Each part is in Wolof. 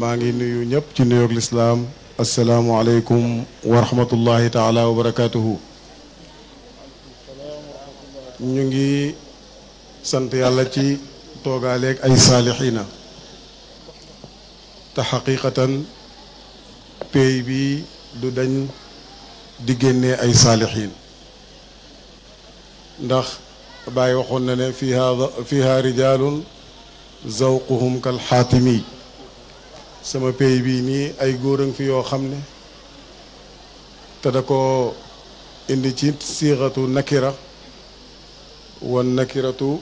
maa ngi nuyu ñëpp ci nuyoog lislaam asalaamualeykum wa rahmatullahi taala wa ñu ngi sant yàlla ci toogaaleeg ay saalixiina te xaqiqatan pay bi du dañ di génnee ay saalixiin ndax Baay waxoon na ne fiha fiha rijalun zawquhum kal sama pays bii nii ay góor a fi yoo xam ne te da ko indi ci siixatu nakira wan nakiratu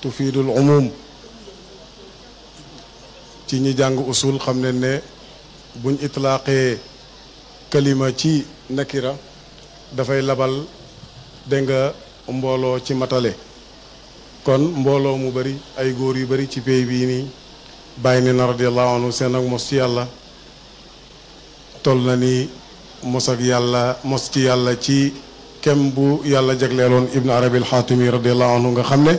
tufiidul umum ci ñi jàng usul xam ne ne buñ itlaaqee kalima ci nakira dafay labal dégg nga mbooloo ci matale kon mbooloo mu bari ay góor yu bari ci pays bii nii bàyyi ne na radiallahu anhu seen ak mos ci yàlla toll na ni mos ak yàlla mos ci yàlla ci kem bu yàlla jagleeloon ibnu arabi alxaatimi radiallahu anhu nga xam ne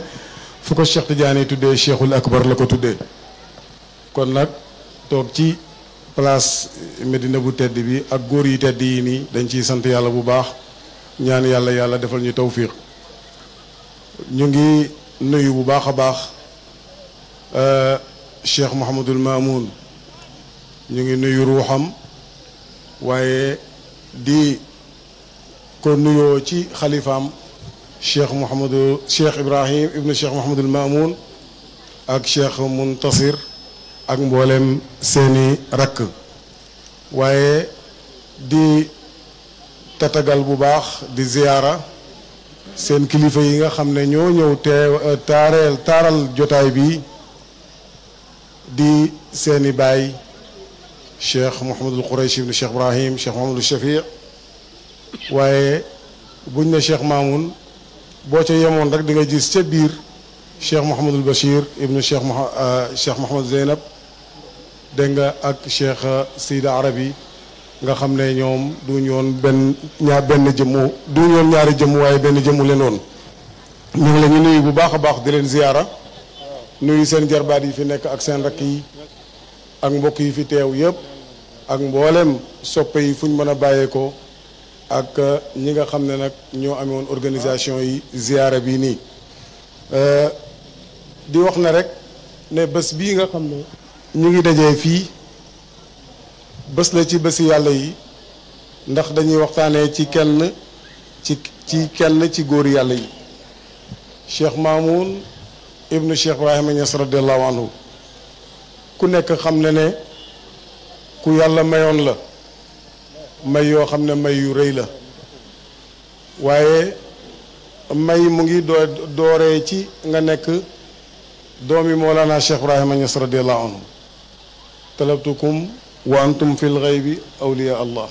fu ko cheikh tidiane tuddee cheikhul akbar la ko tuddee kon nag toog ci place Medina bu tedd bi ak góor yi tedd yi nii dañ ciy sant yàlla bu baax ñaan yàlla yàlla defal ñu tawfiq ñu ngi nuyu bu baax a baax euh, cheikh Mouhamadul Mamoun ñu ngi nuyu ruuxam waaye di ko nuyoo ci xalifaam cheikh Mouhamadou cheikh Ibrahim ibnu cheikh Mouhamadul Mamoun ak cheikh Muntasir ak mboolem seeni rakk waaye di tatagal bu baax di ziyaara seen kilifa yi nga xam ne ñoo ñëw teew taaral jotaay bi di seeni baay cheikh Mouhamadul Quraysh ibn cheikh Ibrahim cheikh Mouhamadul Shafi waaye buñ ne cheikh Mamoun boo ca yemoon rek di nga gis ca biir cheikh Mouhamadul Bachir ibn cheikh euh, cheikh Mouhamadul Zeynab dégg nga ak cheikh Sida Arabi nga xam ne ñoom duñu woon benn ñaar benn jëmmu duñu woon ñaari jëmmu waaye benn jëmmu leen woon ñu ngi leen bu baax a baax di leen ziyaara. nuyu seen jarbaat yi fi nekk ak seen rakk yi ak mbokk yi fi teew yëpp ak mboolem soppe yi fu ñu mën a bàyyeekoo ak euh, ñi nga xam ne nag ñoo amoon organisation yi ziyaara bii nii euh, di wax na rek ne bés bii nga xam ne ñu ngi dajee fii bés la ci bési yàlla yi ndax dañuy waxtaanee ci kenn ci ci kenn ci góor yàlla yi Cheikh Mamoun ibnu Cheikh Ibrahima Niass radiallahu anhu ku nekk xam ne ne ku yàlla mayoon la may yoo xam ne may yu rëy la waaye may mu ngi door dooree ci nga nekk doom doomi Mawlana Cheikh Ibrahima Niass radiallahu anhu talabtukum wa antum fil ghaybi awliya allah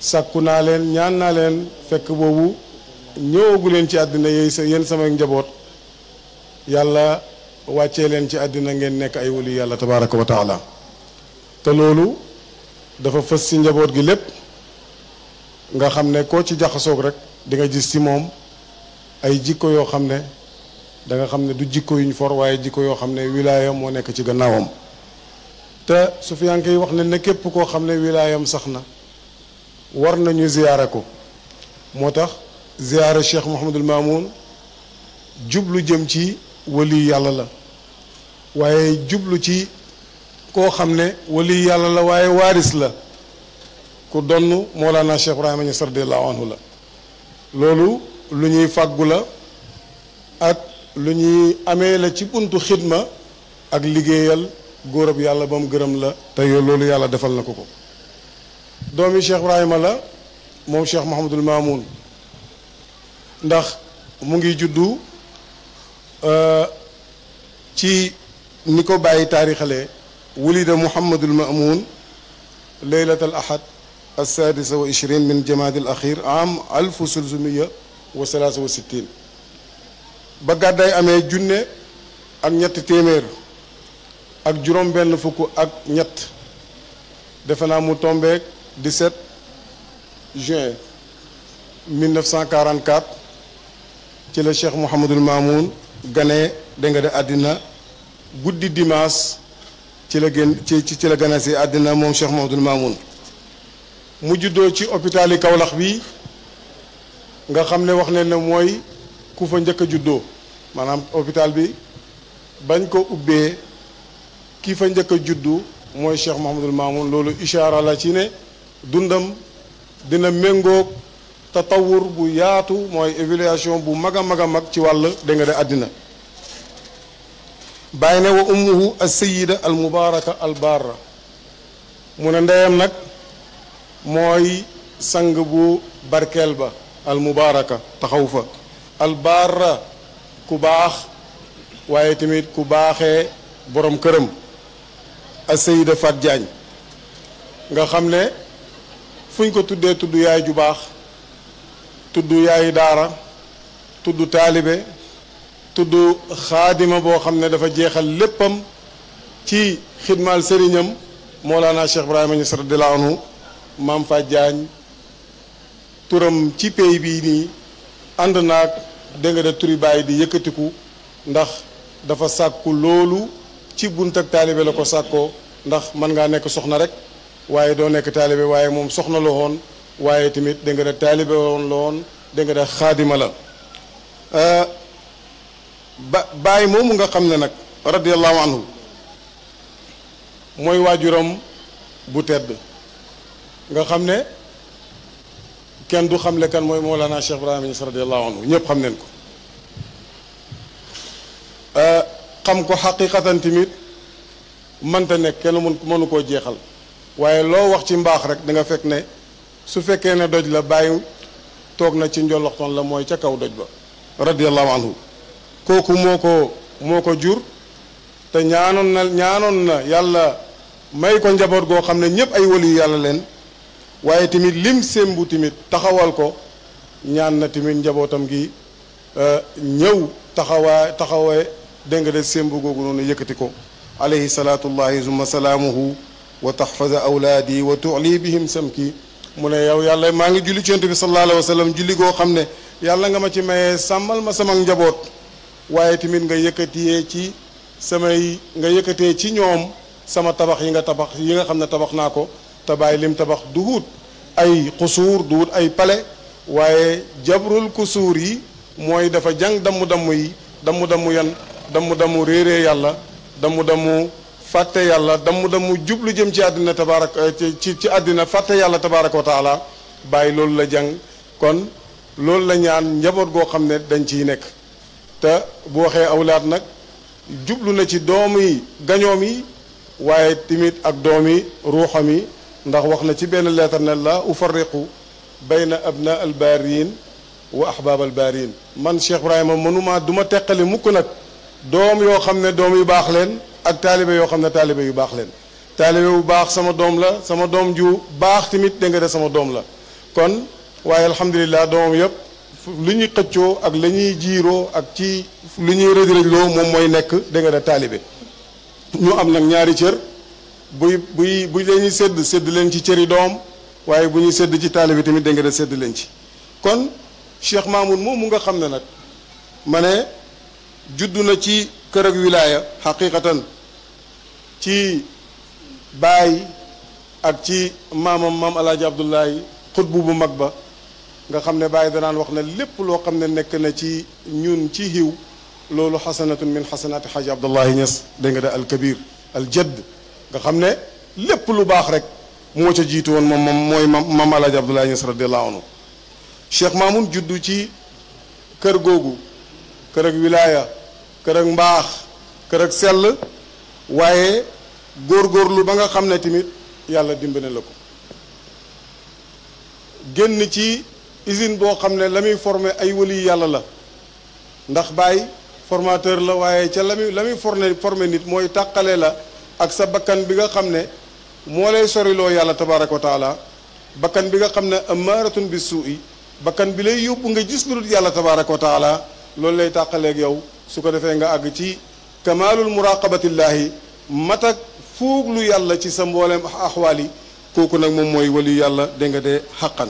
sàkku naa leen ñaan naa leen fekk boobu ñëwagu leen ci àddina yéen samay njaboot yàlla wàcce leen ci àddina ngeen nekk ay wali yàlla tabaraka wa taala te loolu dafa fës ci njaboot gi lépp nga xam ne koo ci jaxasoog rek dinga nga gis ci moom ay jikko yoo xam ne danga xam ne du jikko yuñ for waaye jikko yoo xam ne wilaayam moo nekk ci gannaawam te sufiyanke yi wax ne ne képp koo xam ne wilaayam sax na war nañu ziyaara ko moo tax ziyaara Cheikh Mouhamadul Mamoun jublu jëm ci wali yàlla la waaye jublu ci koo xam ne wali yàlla la waaye waaris la ku donn Mawlana Cheikh Ibrahima Niass radiyallahu anhu la loolu lu ñuy fàggu la ak lu ñuy amee la ci buntu xidma ak liggéeyal góorab yàlla ba mu gërëm la te yow loolu yàlla defal na ko ko doomi Cheikh Ibrahima la moom Cheikh Mouhamadul Mamoun ndax mu ngi juddu Euh, ci ni ko bàyyi taarixalee wulida muhammadul maamun leylat al ahad alsadisa wa ishrin min jamaadi al ba gàddaay amee junne ak ñetti téeméer ak juróom benn fukk ak ñett defe mu tombeek 17 juin ci la Cheikh Mouhamadul Mamoun gane dégg nga àddina guddi dimaas ci la génn ci ci la gane si àddina moom Cheikh Mouhamadoul Mamoun mu juddoo ci hôpital yi Kaolack bi nga xam ne wax ne ne mooy ku fa njëkk a juddoo maanaam hôpital bi bañ ko ubbee ki fa njëkk a juddu mooy Cheikh Mouhamadoul Mamoun loolu ishaara la ci ne dundam dina méngoog tatawur bu yaatu mooy évaluation bu mag a mag a mag ci wàll dégg nga àddina bàyyi ne wa ummuhu as-sayyida al mubaraka al barra mu ne ndeyam nag mooy sang bu barkeel ba al mubaraka taxaw fa al barra ku baax waaye tamit ku baaxee boroom këram as-sayyida Fat Diagne nga xam ne fu ñu ko tuddee tudd yaay ju baax tudd yaayu daara tudd taalibe tudd xaadima boo xam ne dafa jeexal léppam ci xidmaal sëriñam Mawlana Cheikh Ibrahima Niass radiyallahu anhu maam fa jaañ turam ci pay bii nii ànd na dégg nga de turi bàyyi di yëkkatiku ndax dafa sàkku loolu ci bunt ak taalibe la ko sàkkoo ndax mën ngaa nekk soxna rek waaye doo nekk taalibe waaye moom soxna la woon waaye tamit da nga da taalibe woon la woon da nga xaadima la euh, ba bàyyi moomu nga xam ne nag radiallahu anhu mooy waajuram bu tedd nga xam ne kenn du xamle kan mooy moo Mawlana Cheikh Ibrahima Niass radiallahu anhu ñëpp xam neen ko euh, xam ko xaqiqatan tamit mënta nekk kenn mënu koo jeexal waaye loo wax ci mbaax rek danga nga fekk ne su fekkee ne doj la bàyyi toog na ci njoloxtoon la mooy ca kaw doj ba radiallahu anhu kooku moo ko moo ko jur te ñaanoon na ñaanoon na yàlla may ko njaboot goo xam ne ñépp ay waliyu yàlla leen waaye tamit lim sémbu tamit taxawal ko ñaan na tamit njabootam gi euh, ñëw taxawaa taxawee dégg nga de sémbu googu noonu yëkkati ko alayhi salaatullahi summa salaamuhu wa taxfaza awlaadi wa tuxli bihim samki mu ne yow yàlla maa ngi julli ci bi sallallahu alayhi wa sallam julli goo xam ne yàlla nga ma ci mayee sàmmal ma sama njaboot waaye tamit nga yëkkatiyee ci samay nga yëkkatee ci ñoom sama tabax yi nga tabax yi nga xam ne tabax naa ko te bàyyi lim tabax duhut ay xusuur duhut ay pale waaye jabrul kusuur yi mooy dafa jàng damm damm yi damm damm yan damm damm réere yàlla damm damm fàtte yàlla damm mu jublu jëm ci àddina tabaarak eh, ci ci àddina fàtte yàlla tabaaraka wa taala bàyyi loolu la jàng kon loolu la ñaan njaboot goo xam ne dañ ciy nekk te bu waxee awlaat nag jublu na ci doom yi gañoom yi waaye timit ak doom yi ruuxam yi ndax wax na ci benn leetar ne la ufarriqu bayna abna albaariin wa ahbaab albaariin man Cheikh Ibrahima mënuma duma teqali mukk nag doom yoo xam ne doom yu baax leen ak taalibe yoo xam ne taalibe yu baax leen taalibe bu baax sama doom la sama doom ju baax tamit dégg nga sama doom la kon waaye alhamdulilah doomam yëpp lu ñuy xëccoo ak la ñuy jiiroo ak ci lu ñuy rëj-rëjloo moom mooy nekk dégg nga de taalibe ñu am nag ñaari cër buy buy bu leen ñuy sedd sédd leen ci cëri doom waaye bu ñuy sedd ci taalibe tamit dégg nga de sédd leen ci kon Cheikh Mamoun moom mu nga xam ne nag ma ne juddu na ci kër ak wilaaya xaqiqatan ci baay ak ci maamam maam alaaji abdullahi xutbu bu mag ba nga xam ne baay danaan wax na lépp loo xam ne nekk na ci ñun ci xiw loolu xasanatun min xasanaati xaaji abdullahi ñes da nga da alkabir aljadd nga xam ne lépp lu baax rek moo ca jiitu woon moom mooy mam maam alaaji abdullahi ñes radiallahu anhu cheikh maamun juddu ci kër googu kër ak wilaaya kër ak mbaax kër ak sell waaye góor góorgóorlu ba nga xam ne tamit yàlla dimbale la ko génn ci usine boo xam ne la muy former ay wali yàlla la ndax bàyyi formateur la waaye ca la muy la muy former former nit mooy tàqale la ak sa bakkan bi nga xam ne moo lay soriloo yàlla tabaaraka wa taala bakkan bi nga xam ne amaaratun bi suu'i bakkan bi lay yóbbu nga gis lu dul yàlla tabaaraka wa taala loolu lay tàqaleek yow su ko defee nga àgg ci kamaalul muraqabatillahi matak fuuglu yàlla ci sa mbooleem axwaal yi kooku nag moom mooy waliyu yàlla dégg nga dee xaqan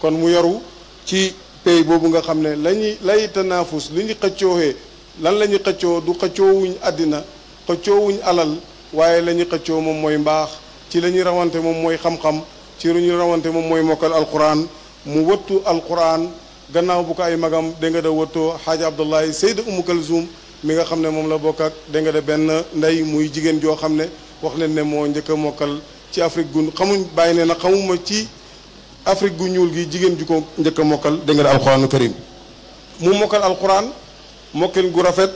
kon mu yaru ci pay boobu nga xam ne la ñuy lay tanaafus li ñu xëccooxee lan la ñuy xëccoo du xëccoowuñ àddina xëccoo wuñu alal waaye la ñuy xëccoo moom mooy mbaax ci la ñuy rawante moom mooy xam-xam ci lu ñuy rawante moom mooy mokkal alquran mu wëttu alquran gannaaw bu ko ay magam dégg nga da wëttoo xaaja abdullahi sayda umu kalzum mi nga xam ne moom la bokk ak nga de benn ndey muy jigéen joo xam ne wax leen ne moo njëkk mokkal ci Afrique gu xamuñ bàyyi ne na xamuma ci Afrique gu ñuul gi jigéen ju ko njëkk a mokkal dégg nga alxuraanu karim mu mokkal alxuraan mokkal gu rafet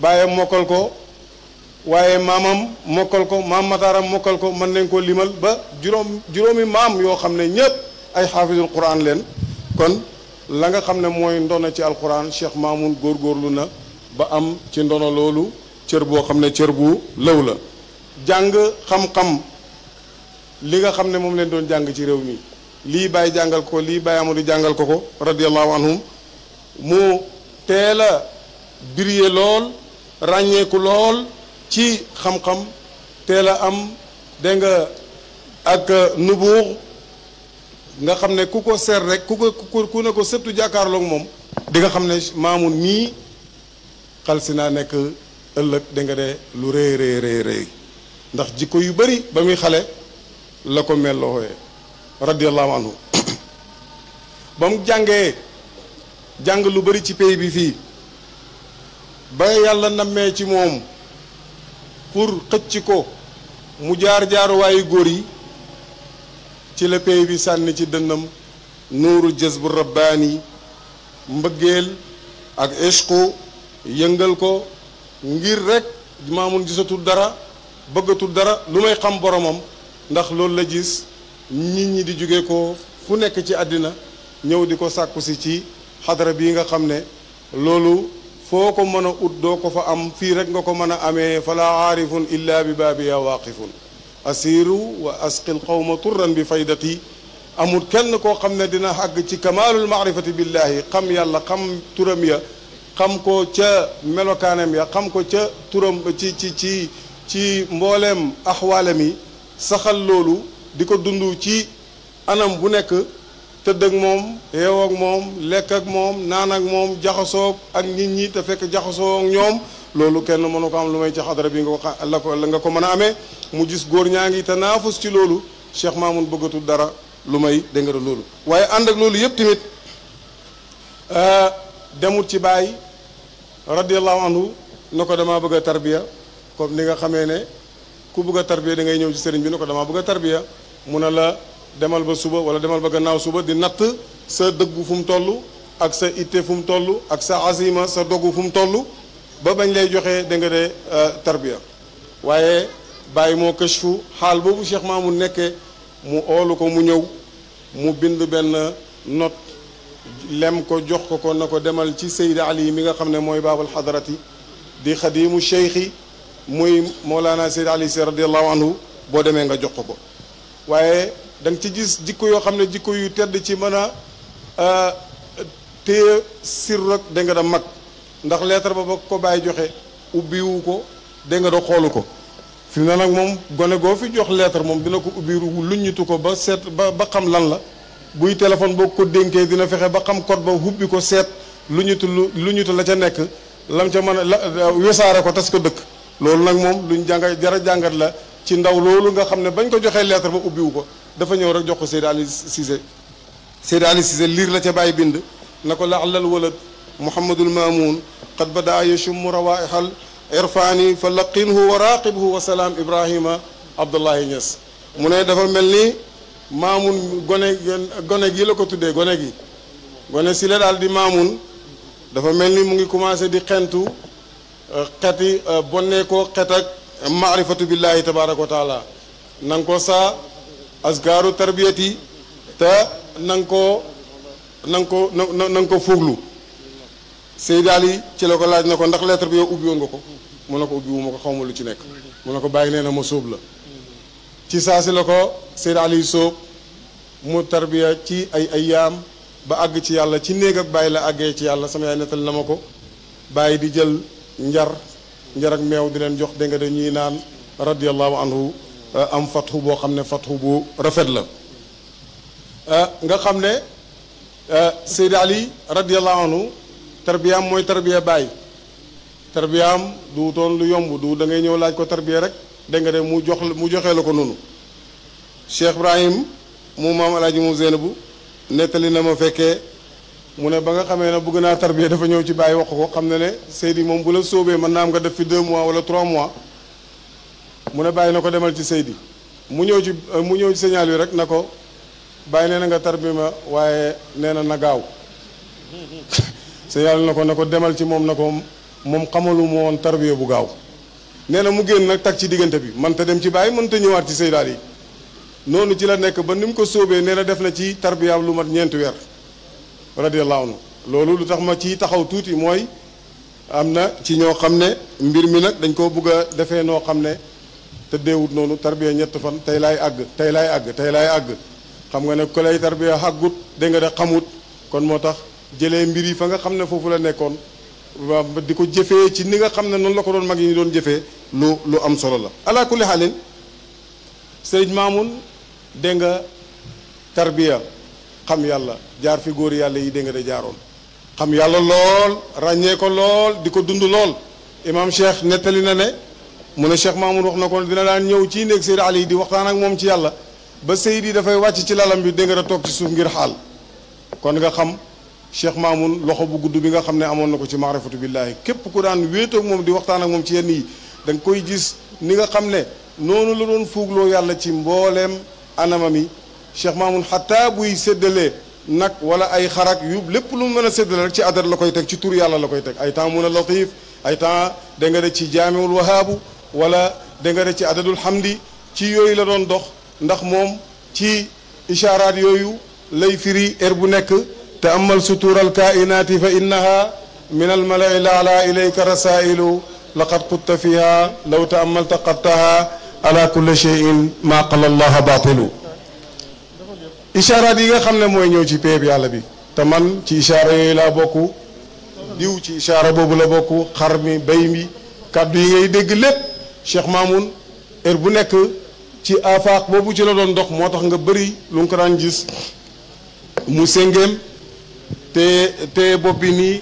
bàyyam mokkal ko waaye maamam mokkal ko maam mataaram mokkal ko mën nañ koo limal ba juróom juróomi maam yoo xam ne ñëpp ay xaafisul quran leen kon la nga xam ne mooy ndono ci alquran Cheikh Mamoun góorgóorlu na ba am ci ndono loolu cër boo xam ne cër bu law la jàng xam-xam li nga xam ne moom leen doon jàng ci réew mi lii bàyyi jàngal ko lii bàyyi amadu jàngal ko ko radiyallahu anhum mu teel biriye lool ràññeeku lool ci xam-xam teel am denga nga ak nubuux nga xam ne ku ko seet rek ku ko ku ne ko sëttu jàkkaarloog moom di nga xam ne maamun nii xal si naa nekk ëllëg da nga lu rëy rëy rëy ndax jikko yu bari ba muy xale la ko mel loo xooyee radiyallahu anhu ba mu jàngee jàng lu bari ci pays bi fii ba yàlla nammee ci moom pour xëcc ko mu jaar jaaruwaayu góor yi ci la pays bi sànni ci dënnam nuuru jazbu rabbaani mbëggeel ak ishqu yëngal ko ngir rekk maamun gisatul dara bëggatul dara lu may xam boromam ndax loolu la gis nit ñi di jóge ko fu nekk ci àddina ñëw di ko sàkku si ci xadara bii nga xam ne loolu foo ko mën a ut doo ko fa am fii rek nga ko mën a amee falaa aarifun illa bi baabiya waaqifun asiru wa asqil qawma turran bi faydati amul kenn koo xam ne dina àgg ci kamaalul maarifati billahi xam yàlla xam turam ya xam ko ca melokaanam ya xam ko ca turam ci ci ci ci mbooleem axwaalam mi saxal loolu di ko dund ci anam bu nekk tëdd ak moom yeew ak moom lekk ak moom naan ak moom jaxasoo ak nit ñi te fekk jaxasoo ak ñoom loolu kenn mënu ko am lu may ci xadara bi nga ko la ko la nga ko mën a amee mu gis góor ñaa ngi te ci loolu Cheikh Mamoun bëggatul dara lu may dégg loolu waaye ànd ak loolu yëpp tamit euh, demut ci bàyyi radiallahu anhu na ko damaa bëgg a tarbiya comme li nga xamee ne ku bëgg a tarbiya da ngay ñëw ci sëriñ bi ne ko damaa bëgg a tarbiya mu ne la demal ba suba wala demal ba gannaaw suba di natt sa dëggu fu mu toll ak sa itte fu mu toll ak sa azima sa doggu fu mu toll ba bañ lay joxe danga nga dee euh, tarbiya waaye bàyyi moo kashfu xaal boobu Cheikh Maamu nekkee mu oolu ko mu ñëw mu bind benn not lem ko jox ko ko na ko demal ci Seydi Ali mi nga xam ne mooy baabul xadarati di xadimu cheikh yi muy Mawlana Seyd Ali Si radiallahu anhu boo demee nga jox ko waaye da nga ci gis jikko yoo xam ne jikko yu tedd ci mën a euh, te sir rek dégg nga da mag ndax lettre ba ba ko bàyyi joxe ubbiwu ko dégg nga da xoolu ko fi na nag moom gone goo fi jox lettre moom dina ko ubbi ñutu ko ba seet ba ba xam lan la buy téléphone boo ko dénkee dina fexe ba xam code ba hubbi ko seet lu luññitu lu luññitu la ca nekk lam ca mën a la wesaare ko tas ko dëkk loolu nag moom luñ jànga jara jàngat la ci ndaw loolu nga xam ne bañ ko joxee lettre ba ubbiwu ko dafa ñëw rek jox ko Seydi Ali sise Seydi liir la ca bàyyi bind na ko laxlal walad muhammadul mamoun qad badaa yashummu rawaihal irfaani fa laqinhu wa raqibhu wa salaam ibrahima abdullahi Niass mu ne dafa mel ni maamun gone gone gi la ko tuddee gone gi gone si la daal di maamun dafa mel ni mu ngi commencé di xentu xeti euh, bonne ko xet ak maarifatu billahi tabaraka wa taala na nga ko saa asgaaru tarbiyati te na nga ko na nga ko na nga ko fuuglu Seydaal ci la ko laaj na ko ndax lettre bi yow ubbi nga ko mu ne ko ubbi ma ko xaw ma lu ci nekk mu ne ko bàyyi nee na ma sóob la ci saa si la ko Seydaal sóob mu tarbiya ci ay ayyaam ba àgg ci yàlla ci néeg bàyyi la àggee ci yàlla sama yaay nettal na ma ko bàyyi di jël njar njar ak meew di leen jox dégg de ñuy naan radiallahu anhu euh, am fatxu boo xam ne fatxu bu rafet la euh, nga xam ne euh, Seydi Ali radiallahu anhu tarbiyaam mooy tarbiya baay tarbiyaam duutoon lu yomb du da ngay ñëw laaj ko tarbiya rek dégg nga de mu jox mu joxee la ko noonu Cheikh Ibrahim mu maam alaaji moom Zeynabu nettali na ma fekkee mu ne ba nga xamee ne bëgg naa tarbiya dafa ñëw ci bàyyi wax ko xam ne ne Seydi moom bu la sóobee mën naa am nga def fi 2 mois wala 3 mois mu ne bàyyi na ko demal ci Seydi mu ñëw ci euh, mu ñëw ci signal bi rek na ko bàyyi nee na nga tarbi ma waaye nee na na gaaw signal na ko na ko demal ci moom na ko moom xamalu ma woon tarbiya bu gaaw nee na mu génn nag tag ci diggante bi man dem ci bàyyi mën ñëwaat ci Seydaal yi noonu ci la nekk ba ni mu ko soobee nee na def na ci tarbiyaam lu mat ñeenti weer radiyallahu anhu loolu lu tax ma ci taxaw tuuti mooy am na ci ñoo xam ne mbir mi nag dañ koo bëgg a defee noo xam ne tëddeewut noonu tarbiya ñett fan tey laay àgg tey laay àgg tey laay àgg xam nga ne ku lay tarbiya àggut da nga de xamut kon moo tax jëlee mbir yi fa nga xam ne foofu la nekkoon waaw di ko jëfee ci ni nga xam ne noonu la ko doon mag yi ñu doon jëfee lu lu am solo la ala kulli xaalin sëriñ Maamun nga tarbiya xam yàlla jaar fi góor yàlla yi dégg nga de jaaroon xam yàlla lool ràññee ko lool di ko dund lool imaam Cheikh nettali na ne mu ne Cheikh Mamoud wax na ko dina daan ñëw ci néeg Seydi Ali di waxtaan ak moom ci yàlla ba yi dafay wàcc ci lalam bi dégg nga de toog ci suuf ngir xaal kon nga xam Cheikh Mamoud loxo bu gudd bi nga xam ne amoon na ko ci maarifatu billaahi képp ku daan wéetoo ak moom di waxtaan ak moom ci yenn yi da koy gis ni nga xam ne noonu la doon fuugloo yàlla ci mbooleem anamam yi Cheikh Mamoun xataa buy séddale nag wala ay xarak yu lépp lu mu mën a séddale rek ci adat la koy teg ci tur yàlla la koy teg ay temps mun a latif ay temps da nga de ci jaamiul wahaabu wala da nga de ci adadul hamdi ci yooyu la doon dox ndax moom ci ishaaraat yooyu lay firi er bu nekk te amal sutuural kainaati fa innaha min almalai laala ilayka rasailu laqad qutta fiha law taamalta qattaha ala kulli cheyin maa qala allaha baatilu ishaaraat yi nga xam ne mooy ñëw ci péeb yàlla bi te man ci ishaara yooyu laa bokk diw ci ishaara boobu la bokk xar mi bay mi kàddu yi ngay dégg lépp Cheikh Mamoun heure bu nekk ci afaaq boobu ci la doon moo tax nga bëri lu nga ko daan gis mu séngéem te te bopp bi nii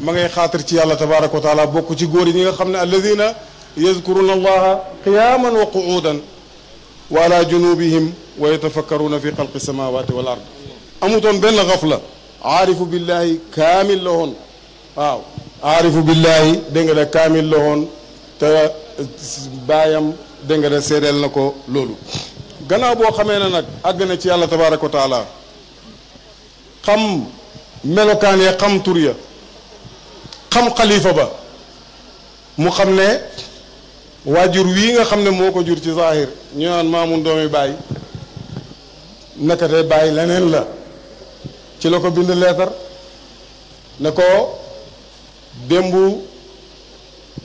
ma ngay xaatir ci yàlla tabaraka wa taala bokk ci góor yi ñi nga xam ne alladina yazkuruna allaha qiyaman wa qu'udan wa ala junubihim wa yatafakkaruuna fi xalqi samawati wal ard amutoon benn xafla aarifu billahi kaamil la woon waaw aarifu billahi dégg nga de kaamil la woon te baayam dégg nga de seedeel na ko loolu gannaaw boo xamee ne nag àgg na ci yàlla tabaraka wa taala xam melokaan ya xam tur ya xam xalifa ba mu xam ne waajur wii nga xam ne moo ko jur ci zahir ñu naan maamun doomi bàyyi nakate bàyyi leneen la ci la ko bind leetar ne ko démb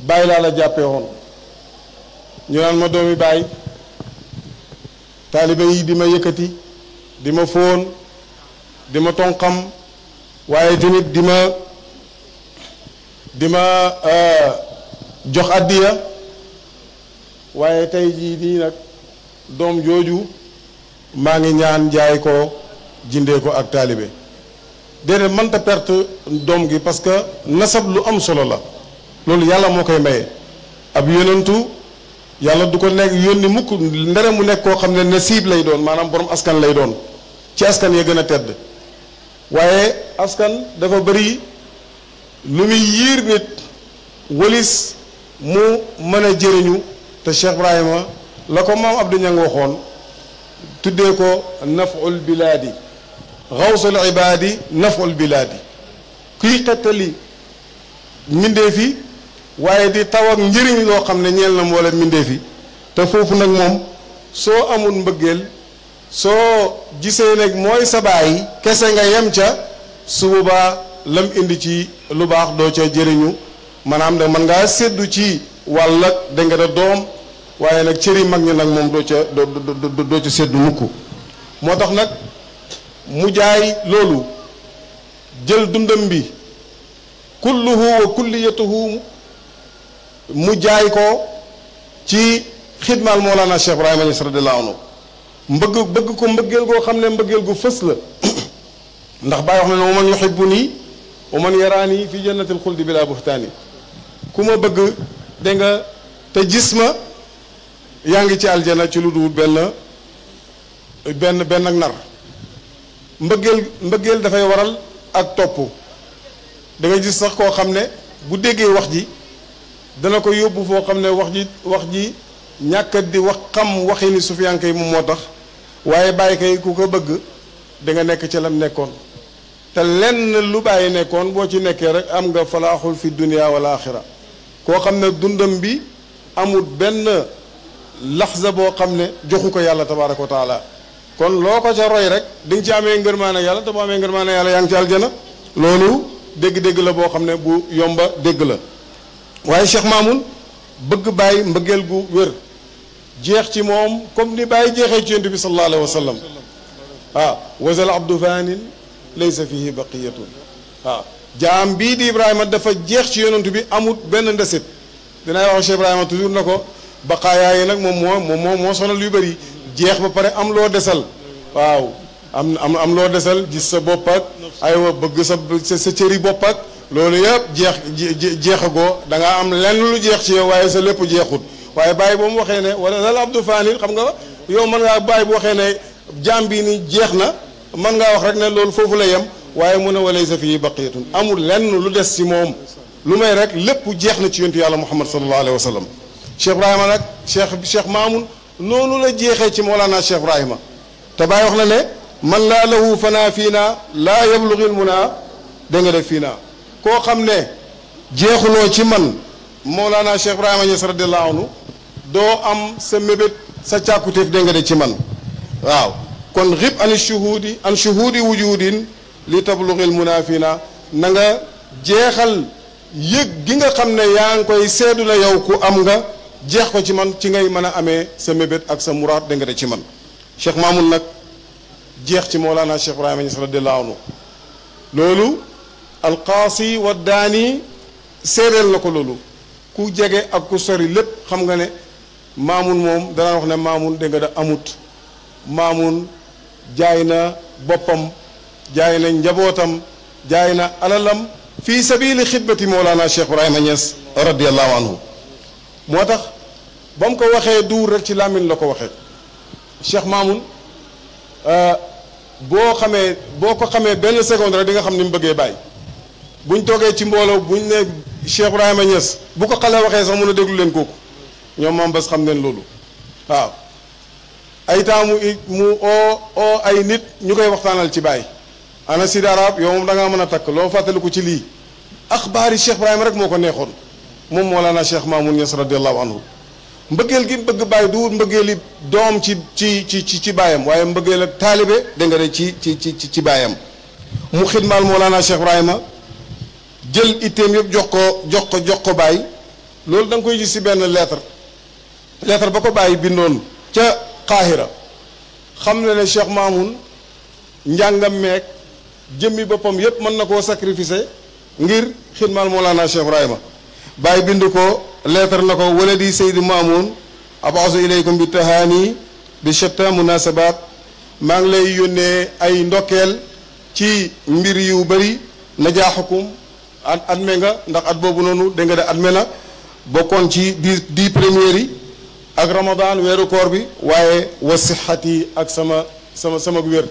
bàyyi laa la jàppee woon ñu naan ma doomi bàyyi taalibe yi di ma yëkkati di ma fóon di ma tonqam waaye tamit di ma di ma euh, jox àddiya waaye tey jii nii nag doom jooju maa ngi ñaan jaay ko jindee ko ak taalibe déedéet mënta perte doom gi parce que nasab lu am solo la loolu yàlla moo koy maye ab yonentu yàlla du ko nekk yónni mukk ndere mu nekk koo xam ne nasiib lay doon maanaam borom askan lay doon ci askan ya gën a tedd waaye askan dafa bari lu muy yiir nit walis mu mën a jëriñu te Cheikh Ibrahima la ko maam Abdou Niang waxoon tuddee ko naful bilaadi xawsul ibaadi naful bilaadi kuy xettali mbindeef yi waaye di taw ak njëriñ loo xam ne ñeel la mboolem mbindeef yi te foofu nag moom soo amul mbëggeel soo gisee nag mooy sa baay kese nga yem ca su boobaa lam indi ci lu baax doo ca jëriñu maanaam da mën ngaa séddu ci wàll ak da nga doom waaye nag cëri mag ñi nag moom doo ca doo doo ca seddu mukk moo tax nag mu jaay loolu jël dundam bi kulluhu wa kulliyatuhu mu jaay ko ci xidmaal Mawlana Cheikh Ibrahima Niass radiyallahu anhu mbëgg bëgg ko mbëggeel goo xam ne mbëggeel gu fës la ndax Baay wax na ne wa man yuhibbuni wa man yaraani fi jannatil xuldi bila buhtaani ku ma bëgg dégg te gis ma yaa ngi ci aljana ci lu dul benn benn benn ak nar mbëggeel mbëggeel dafay waral ak topp da nga gis sax koo xam ne bu déggee wax ji dana ko yóbbu foo xam ne wax ji wax ji ñàkkat di wax xam waxi ni sufiyanke yi moom moo tax waaye bàyyi kay ku ko bëgg da nekk ci lam nekkoon te lenn lu bàyyi nekkoon boo ci nekkee rek am nga falaaxul fi dunia wala axira koo xam ne dundam bi amul benn laxza boo xam ne joxu ko yàlla tabaaraka wa kon loo ko ca roy rek di nga ci amee ngërmaane yàlla te bu amee ngërmaane yàlla yaa ngi ci aljana loolu dégg-dégg la boo xam ne bu yomba dégg la waaye Cheikh Mamoun bëgg bàyyi mbëggeel gu wér jeex ci moom comme ni bàyyi jeexee ci yonent bi sallallahu alayhi wa sallam abdu fanin laysa fihi baqiyatun waaw jaam bii di Ibrahima dafa jeex ci yonent bi amut benn ndesit dinay wax Cheikh Ibrahima toujours na ko baqaayaa yi nag moom moo moom moo moo sonal yu bëri jeex ba pare am loo desal waaw am am am loo desal gis sa bopp ay aywa bëgg sa sa cëri bopp loolu yëpp jeex jeexagoo da ngaa am lenn lu jeex ci yow waaye sa lépp jeexut waaye bàyyi boo mu waxee ne wala lal abdou fanil xam nga yow mën ngaa baay bu waxee ne jaam bii ni jeex na man ngaa wax rek ne loolu foofu la yem waaye mu ne walaysa fii baqiyatun amul lenn lu des ci moom lu may rek lépp jeex na ci yontu yàlla muhammad sallallahu alayhi wa sallam Cheikh Ibrahima nag Cheikh Cheikh Maamoun noonu la jeexee ci Mawlana Cheikh Ibrahima te Baay wax na ne man laa lahu fanaa fii naa laa yablughil munaa da nga def koo xam ne jeexuloo ci man Mawlana Cheikh Ibrahima Niass radiyallahu anhu doo am sa mébét sa càkkutéef da nga ci man waaw kon rib an shuhudi an shuhudi wujudin li tablughil munaa fii naa na nga jeexal yëg gi nga xam ne yaa ngi koy seedu la yow ku am nga jeex ko ci man ci ngay mën a amee sa mébét ak sa muraad da nga ci man Cheikh Mamoun nag jeex ci Mawlana Cheikh Ibrahima Niass radiyallahu anhu loolu alqaasi wa daani seedeel na ko loolu ku jege ak ku sori lépp xam nga ne Mamoun moom danaa wax ne Mamoun da nga da amut Mamoun jaay na boppam jaay na njabootam jaay na alalam fi sabili xidmati Mawlana Cheikh Ibrahima Niass radiyallahu anhu moo tax ba mu ko waxee duur rek ci làmmiñ la ko waxee Cheikh Mamoun euh, boo xamee boo ko xamee benn seconde rek di nga xam ni mu bëggee bàyyi buñ toogee ci mbooloo buñ ne Cheikh Ibrahima bu ko xale waxee sax mun déglu leen kooku ñoom moom bés xam leen loolu waaw ay temps mu mu nit ñu koy waxtaanal ci bàyyi ana Sidi Arab yow moom da mën a takk loo fàttaliku ci lii axbaari Cheikh Ibrahima rek moo ko neexoon moom Mawlana Cheikh Mamoun Niass radiallahu anhu mbëggeel gi bëgg bàyyi du mbëggeeli doom ci ci ci ci bàyyam waaye mbëggeel ak taalibe da nga ne ci ci ci ci bàyyam mu xidmaal Mawlana Cheikh Ibrahima jël itteem yëpp jox ko jox ko jox ko bàyyi loolu da nga koy gis si benn lettre lettre ba ko bàyyi bindoon ca Qahira xam na ne Cheikh Mamoun njàngam meek jëmmi boppam yëpp mën na koo sacrifice ngir xidmaal Mawlana Cheikh Ibrahima bàyyi bind ko. leetar na ko wala di Seydi Maamoun abasu ilaykum bi tahaani bi shatta munasabat maa ngi lay yónnee ay ndokkeel ci mbir yu bëri najaaxukum at adme nga ndax at boobu noonu danga nga at adme na bokkoon ci di dix premières yi ak ramadan weeru koor bi waaye wa sixati ak sama sama sama weer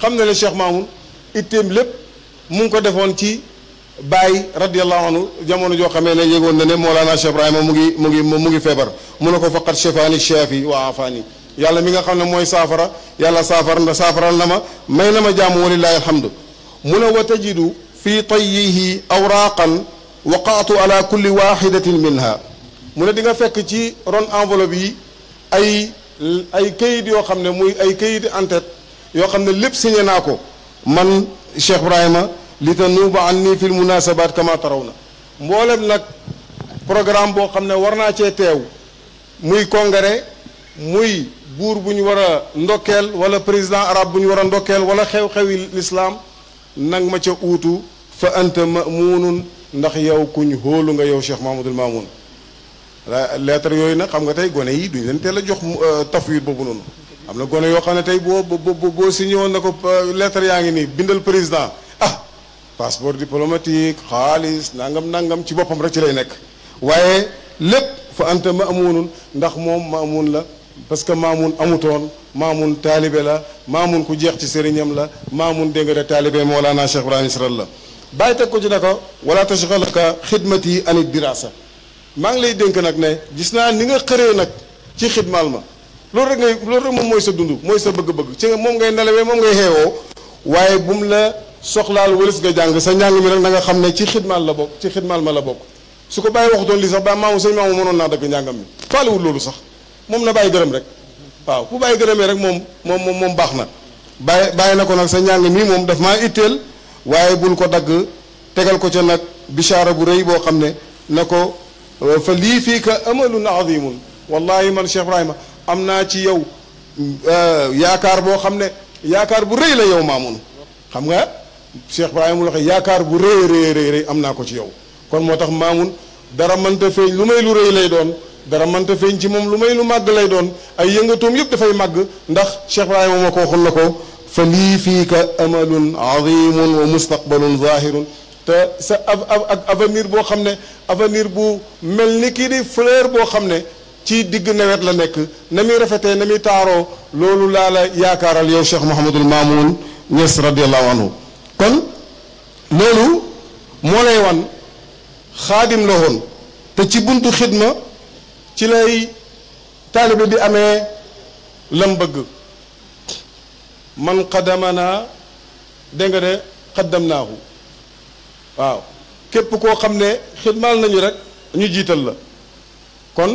xam na ne Cheikh Maamoun itteem lépp mu ko defoon ci Baye radiyallahu anhu jamono joo xamee ne yëgoon na ne Mawlana Cheikh Ibrahima mu ngi mu ngi mu ngi feebar mu na ko faqat chefaani chefi wa afaani yàlla mi nga xam ne mooy saafara yàlla saafara na saafaral na ma may na ma jaamu walillahi alhamdu mu ne wa tajidu fii tayyihi awraaqan waqaatu ala kulli waxidatin minha mu ne di nga fekk ci ron enveloppe yi ay ay kayit yoo xam ne muy ay kayit en yoo xam ne lépp signé naa ko man Cheikh Ibrahima li tanuuba an nii fil munasabaat kama taraw na mboolem nag programme boo xam ne war naa cee teew muy congrès muy buur bu ñu war a ndokkeel wala président arabe bu ñu war a ndokkeel wala xew-xewi lislaam nag ma ca uutu fa mu mamunun ndax yow kuñ hóolu nga yow Cheikh Mahmadul Mamoun lettre yooyu nag xam nga tey gone yi duñ leen teel a jox tafwid boobu noonu am na gone yoo xam ne tey boo boo boo na ko lettre yaa ngi nii bindal président ah passeport diplomatique xaalis nangam nangam ci boppam rek ci lay nekk waaye lépp fa anta maamunun ndax moom maamun la parce que maamun amutoon maamun taalibe la maamun ku jeex ci sëriñam la maamun dégg nga taalibe Mawlana Cheikh Ibrahim Israël la bàyyi teg ko ci ne ko wala tashghalaka xidmati ani dirasa maa ngi lay dénk nag ne gis naa ni nga xëree nag ci xidmaal ma loolu rek ngay loolu rek moom mooy sa dund mooy sa bëgg-bëgg ci moom ngay nelawee soxlaal wëlis nga jàng sa njàng mi rek na nga xam ne ci xidmaal la bokk ci xidmaal ma la bokk su ko bàyyi waxutoon lii sax ba maamu sëñ maamu mënoon naa dagg njàngam mi faalewul loolu sax moom na bàyyi gërëm rek waaw bu bàyyi gërëmee rek moom moom moom baax na bàyyi bàyyi na ko nag sa njàng mii moom daf maa itteel waaye bul ko dagg tegal ko ca nag bichaara bu rëy boo xam ne na ko euh, fa lii fii ka amalun azimun wallahi man Cheikh ma am naa ci yow euh, yaakaar boo xam ne yaakaar bu rëy la yow maamun xam Cheikh Ibrahima mu la yaakaar bu rëy rëy rëy am naa ko ci yow kon moo tax maamun dara mante feeñ lu may lu rëy lay doon dara mante feeñ ci moom lu may lu màgg lay doon ay yëngatoom yëpp dafay màgg ndax Cheikh Ibrahima moo ko waxoon na ko fa lii fii ka amalun azimun wa mustaqbalun zahirun te sa ak avenir boo xam ne avenir bu mel ni kii di fleur boo xam ne ci digg nawet la nekk na muy rafetee na muy taaroo loolu laa la yaakaaral yow Cheikh Mouhamadul Mamoun Niass radiallahu anhu kon loolu moo lay wan xaadim la woon te ci buntu xidma ci lay taalibe di amee lam bëgg man xaddamanaa naa nga de xaddam naahu waaw képp koo xam ne xidmaal nañu rek ñu jiital la kon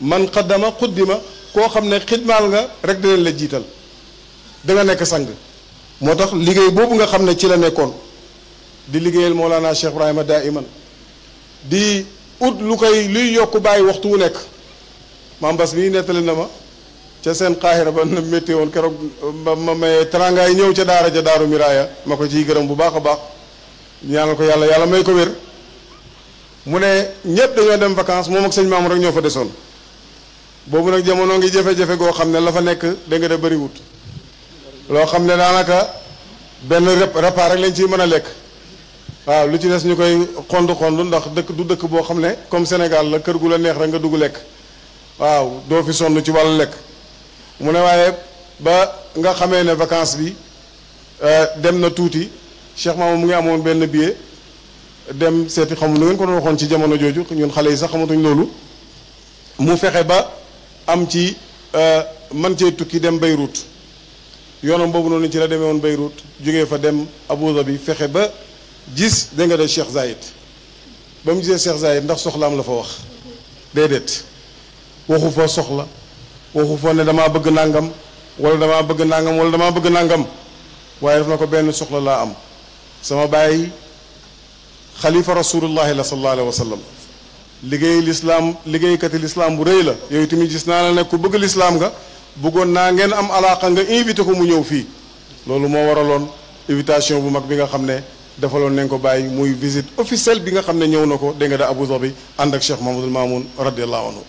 man xaddama xuddima koo xam ne xidmaal nga rek dinañ la jiital danga nekk sang moo tax liggéey boobu nga xam ne ci la nekkoon di liggéeyal Mawlana Cheikh Ibrahima daa iman di ut lu koy luy yokk bàyyi waxtu wu nekk maam Bass mii nettali na ma ca seen xaaxira ba na métti woon keroog ma ma mayee teraangaay ñëw ca daara ja daaru miraaya ma ko ciy gërëm bu baax a baax ñaanal ko yàlla yàlla may ko wér mu ne ñëpp dañoo dem vacances moom ak sëñ maam rek ñoo fa desoon boobu nag jamono ngi jafe-jafe goo xam ne la fa nekk danga nga de loo xam ne daanaka benn repas rek lañ ciy mën a lekk waaw lu ci des ñu koy xond xond ndax dëkk du dëkk boo xam ne comme Sénégal la kër gu la neex rek nga dugg lekk waaw doo fi sonn ci wàll lekk mu ne waaye ba nga xamee ne vacance bi euh, dem na tuuti Cheikh Maama mu ngi amoon benn billet dem seeti xam nu ngeen ko doon waxoon ci jamono jooju ñun xale yi sax xamatuñ loolu mu fexe ba am ci euh, man cee tukki dem Beyrouth yoonam boobu noonu ci la demee woon Beyrouth jógee fa dem Abu Dhabi fexe ba jis dégg nga de Cheikh Zayed ba mu gisee Cheikh Zayed ndax soxlaam la fa wax déedéet waxu fa soxla waxu fa ne damaa bëgg nangam wala damaa bëgg nangam wala damaa bëgg nangam waaye daf na ko benn soxla laa am sama bàyyi xalifa rasulullahi la sallallahu alayhi wa sallam liggéey lislaam liggéeykati lislaam bu rëy la yooyu tamit gis naa la ne ku bëgg lislaam nga bëggoon naa ngeen am alaaka nga invité ko mu ñëw fii loolu moo waraloon invitation bu mag bi nga xam ne defaloon nañ ko bàyyi muy visite officielle bi nga xam ne ñëw na ko dégg nga da Abu Dhabi ànd ak Cheikh Mahmoudul Mamoun radiallahu anhu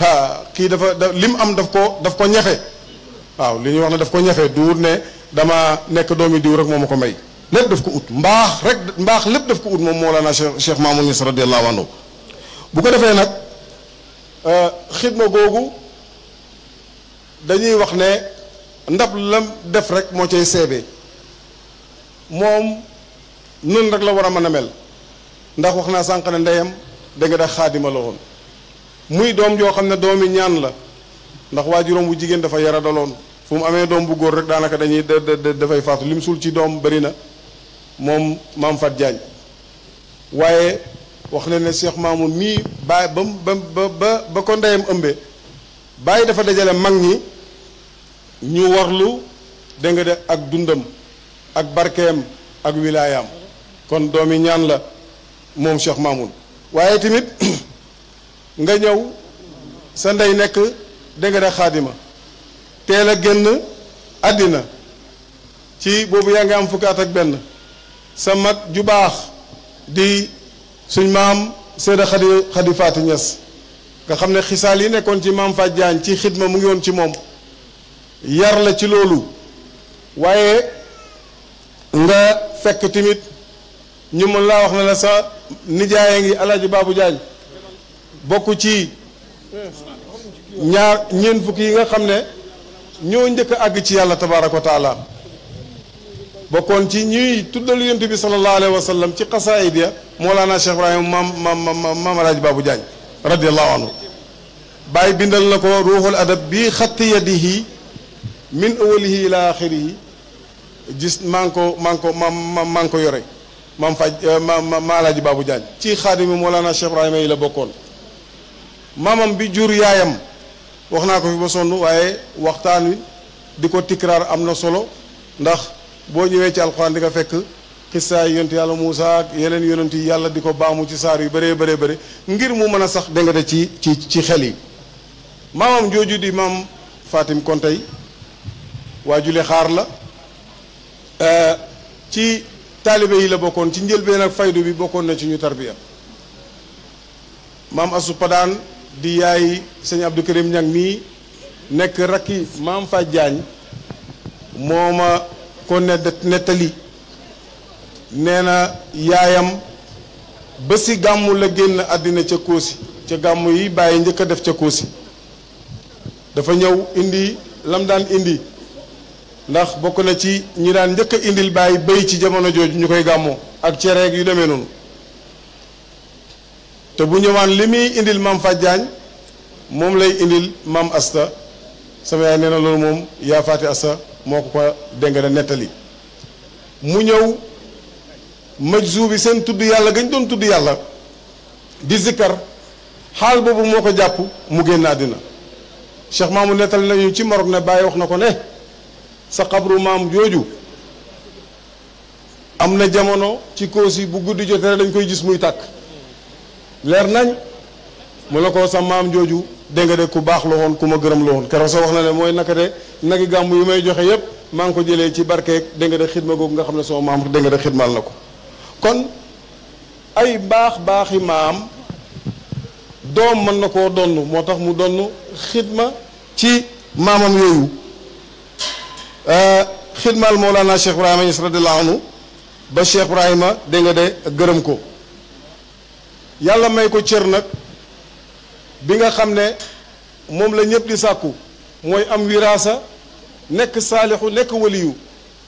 ah kii dafa da lim am daf ko daf ko ñaxe waaw li ñuy wax ne daf ko ñafe wut ne dama nekk doomi diw rek moo ma ko may lépp daf ko ut mbaax rek mbaax lépp daf ko ut moom Mawlana Cheikh Cheikh Mamoun Niass radiallahu anhu bu ko defee nag euh, xidma googu. dañuy wax ne ndab lam def rek moo cay seebe moom nun rek la war a mën a mel ndax wax naa sànq ne ndeyam da nga def la woon muy doom yoo xam ne doomi ñaan la ndax waa juróom bu jigéen dafa yara daloon fu mu amee doom bu góor rek daanaka dañuy dafay faatu lim suul ci doom bari na moom maam Fat Jaañ waaye wax na ne Cheikh Mamoun mii baay ba ba ba ba ko ndeyam ëmbee bàyyi dafa dajale mag ñi ñu warlu da nga de ak dundam ak barkeem ak wilaayaam kon doomi ñaan la moom Cheikh Mamoun waaye tamit nga ñëw sa ndey nekk da xaadima teel a gën àddina ci boobu yaa ngi am fukki ak benn sa mag ju baax di suñ maam Seyda Xadi Xadi Faati Ñas nga xam ne xisaal yi nekkoon ci maam Faj Jaañ ci xidma mu ngi woon ci moom yar la ci loolu waaye nga fekk tamit ñu laa wax ne la sa nijaaya ngi alaaji Babou jaañ bokk ci ñaar ñeent fukki yi nga xam ne ñoo njëkk àgg ci yàlla tabaaraka wa taala bokkoon ci ñuy tuddal yonent bi sallallahu alayhi wa sallam ci xasaayid ya Mawlana Cheikh Ibrahima maam maam maam maam min awalihi ila axirihi gis maa ngi ko maa ko ma maa ngi ko yore maam faj eh, ma maalaaji baabu jaañ ci xaadimi Mawlana Cheikh Ibrahima yi la bokkoon maamam bi jur yaayam wax naa ko fi ba sonn waaye waxtaan wi di ko tikraar am na solo ndax boo ñëwee ci alxuraan di nga fekk xisaay yonent yàlla Muusa ak yeneen yonent yi yàlla di ko baamu ci saar yu bëree bëree bëri ngir mu mën a sax dégg nga ci ci ci xel yi maamam jooju di maam Fatim Kontey waa jule xaar la euh, ci taalibe yi la bokkoon ci njëlbeen ak faydu bi bokkoon na ci ñu tarbiya maam asu di yaay sëñ Abdou Karim Ñang nekk rakki maam Faj Jaañ moo ma ko nettali nee na yaayam ba si gàmmu la génn àddina ca kóosi ca gàmmu yi bàyyi njëkk a def ca kóosi dafa ñëw indi lam daan indi ndax bokk na ci ñi daan njëkk indil bàyyi béy ci jamono jooju ñu koy gàmmoo ak cereeg yu demee noonu te bu ñëwaan li muy indil maam fàjjaañ moom lay indil maam asta sama yaay nee na loolu moom yaa asta moo ko ko dégg na nettali mu ñëw majzu bi seen tudd yàlla gañ doon tudd yàlla di zikkar xaal boobu moo ko jàpp mu génn àddina Cheikh Maamu nettali nañu ci Marok ne bàyyi wax na ko ne sa xabru maam jooju am na jamono ci Kossy bu guddi jotee dañ koy gis muy tàkk leer nañ mu la ko sa maam jooju dégg de ku baax la woon ku ma gërëm la woon sa wax na ne mooy naka de nagi gàmb yu may joxe yépp maa ngi ko jëlee ci barkeeg dégg nga de xidma googu nga xam ne sama maam dégg nga de xidmal na ko kon ay baax baaxi maam doom mën na koo donn moo tax mu donn xidma ci maamam yooyu Euh, xidmaal Mawlana Cheikh Ibrahima Niass radiyallahu anhu ba Cheikh Ibrahima dégg nga de gërëm ko yàlla may ko cër nag bi nga xam ne moom la ñëpp di sàkku mooy am wiraasa nekk saalixu nekk waliyu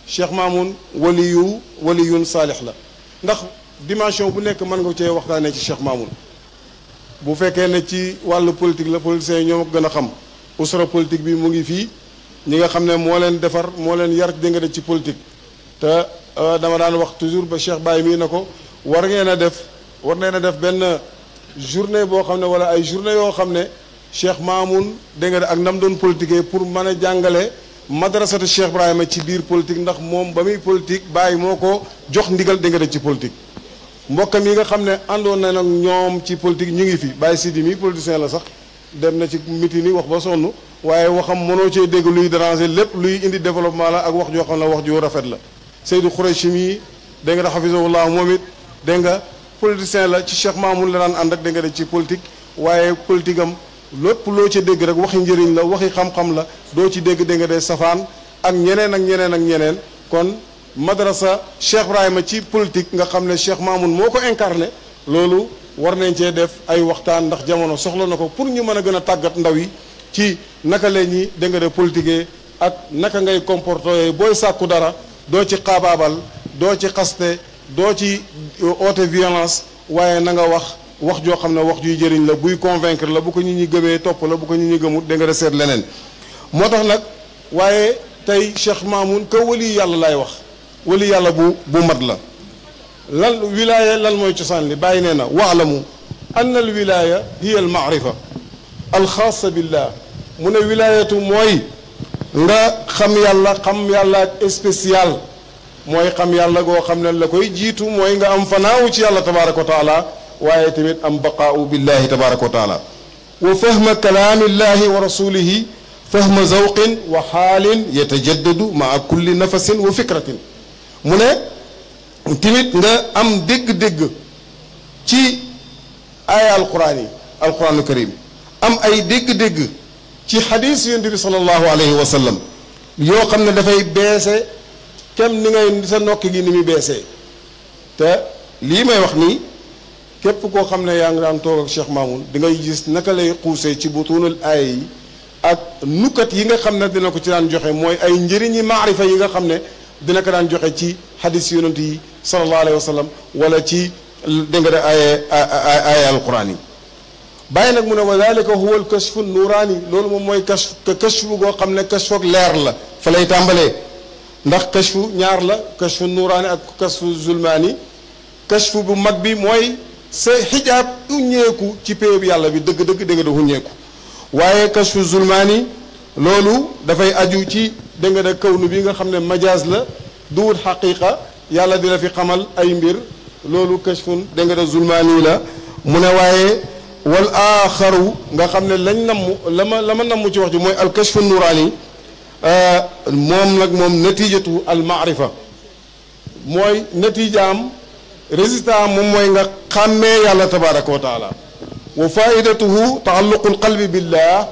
Cheikh Mamoun waliyu waliyun saalix la ndax dimension bu nekk mën nga cee waxtaanee ci Cheikh Mamoun bu fekkee ne ci wàll politique la politiciens yi ñoo gën a xam usra politique bi mu ngi fii ñi nga xam ne moo leen defar moo leen yar dégg nga ci politique te euh, dama daan wax toujours ba Cheikh bàyyi mii na ko war ngeen a def war ngeen a def benn journée boo xam ne wala ay journée yoo xam ne Cheikh Mamoun dégg nga ak nam doon politique pour mën a jàngale madrasatu Cheikh Ibrahima ci biir politique ndax moom ba muy politique bàyyi moo ko jox ndigal dégg ci politique. mbokkam yi nga xam ne àndoon na nag ñoom ci politique ñu ngi fi Baye si mii politicien la sax dem na ci meeting yi wax ba sonn. waaye waxam mënoo cee dégg luy déranger lépp luy indi développement la ak wax joo xam ne wax ju rafet la Seydou Khouraychi mii dégg nga xafisahullah moom it dégg nga politicien la ci Cheikh Mamoun la daan ànd ak dégg nga ci politique waaye politique am lépp loo ci dégg rek waxi njëriñ la waxi xam-xam la doo ci dégg dégg nga de safaan ak ñeneen ak ñeneen ak ñeneen kon madrasa Cheikh Ibrahima ci politique nga xam ne Cheikh Mamoun moo ko incarné loolu war nañ cee def ay waxtaan ndax jamono soxla na ko pour ñu mën a gën a tàggat ndaw yi ci naka la ñuy dégg nga de ak naka ngay comporter booy sàkku dara doo ci xaabaabal doo ci xaste doo ci euh, oote violence waaye na nga wax wax joo xam ne wax juy jëriñ la buy convaincre la bu ko ñu ñi gëmee topp la bu ko ñu ñi gëmut dégg seet leneen moo tax nag waaye tey Cheikh Mamoun que wali yàlla laay wax wali yàlla bu bu mat la lan wilaaya lan mooy cosaan li bàyyi nee na waalamu anna al wilaaya hiya al maarifa alxaasa billah mu ne wilaayatu mooy nga xam yàlla xam yàlla goo xam ne la koy jiitu mooy nga am fanaawu ci yàlla tabaraka wa taala waaye tamit am baqaau billahi tabaraka wa taala wa fahma kalaamillahi wa rasulihi fahma zawqin wa xaalin yatajaddadu maa kulli nafasin wa fikratin mu ne tamit nga am dégg-dégg ci aaya alquran yi alquranu am ay dégg-dégg ci xadiis yonent bi sallallahu alayhi wa sallam yoo xam ne dafay beese kem ni ngay sa nokk gi ni muy beesee te lii may wax nii képp koo xam ne yaa ngi daan toog ak Cheikh Mamoun di ngay gis naka lay xuusee ci butuunul aaya ak nukkat yi nga xam ne dina ko ci daan joxe mooy ay njëriñi maarifa yi nga xam ne dina ko daan joxe ci xadis yonent yi sallallahu alayhi wa sallam wala ci dégg nga de ay ay ay alquran yi bàyyi nag mu ne wa dalika huwa al kashfu nuuraani loolu moom mooy kashf te kashfu goo xam ne kashfu ak leer la fa lay tàmbalee ndax kashfu ñaar la kashfu nuuraani ak kashfu zulmaani kashfu bu mag bi mooy sa xijaab uññeeku ci péebu yàlla bi dëgg-dëgg dégg nga da uññeeku waaye kashfu zulmaani loolu dafay aju ci dégg nga da kawnu bi nga xam ne majaaz la duwut xaqiqa yàlla di la fi xamal ay mbir loolu kashfun dégg nga da zulmaani la mu ne waaye wal aaxaru nga xam ne lañ namm la ma la ma namm ci wax ji mooy al kashfu nuraani euh, moom nag moom natiijatu al maarifa mooy natiijaam résultat moom mooy nga xàmmee yàlla tabaraka wa taala wa faidatuhu taalluqul qalbi billah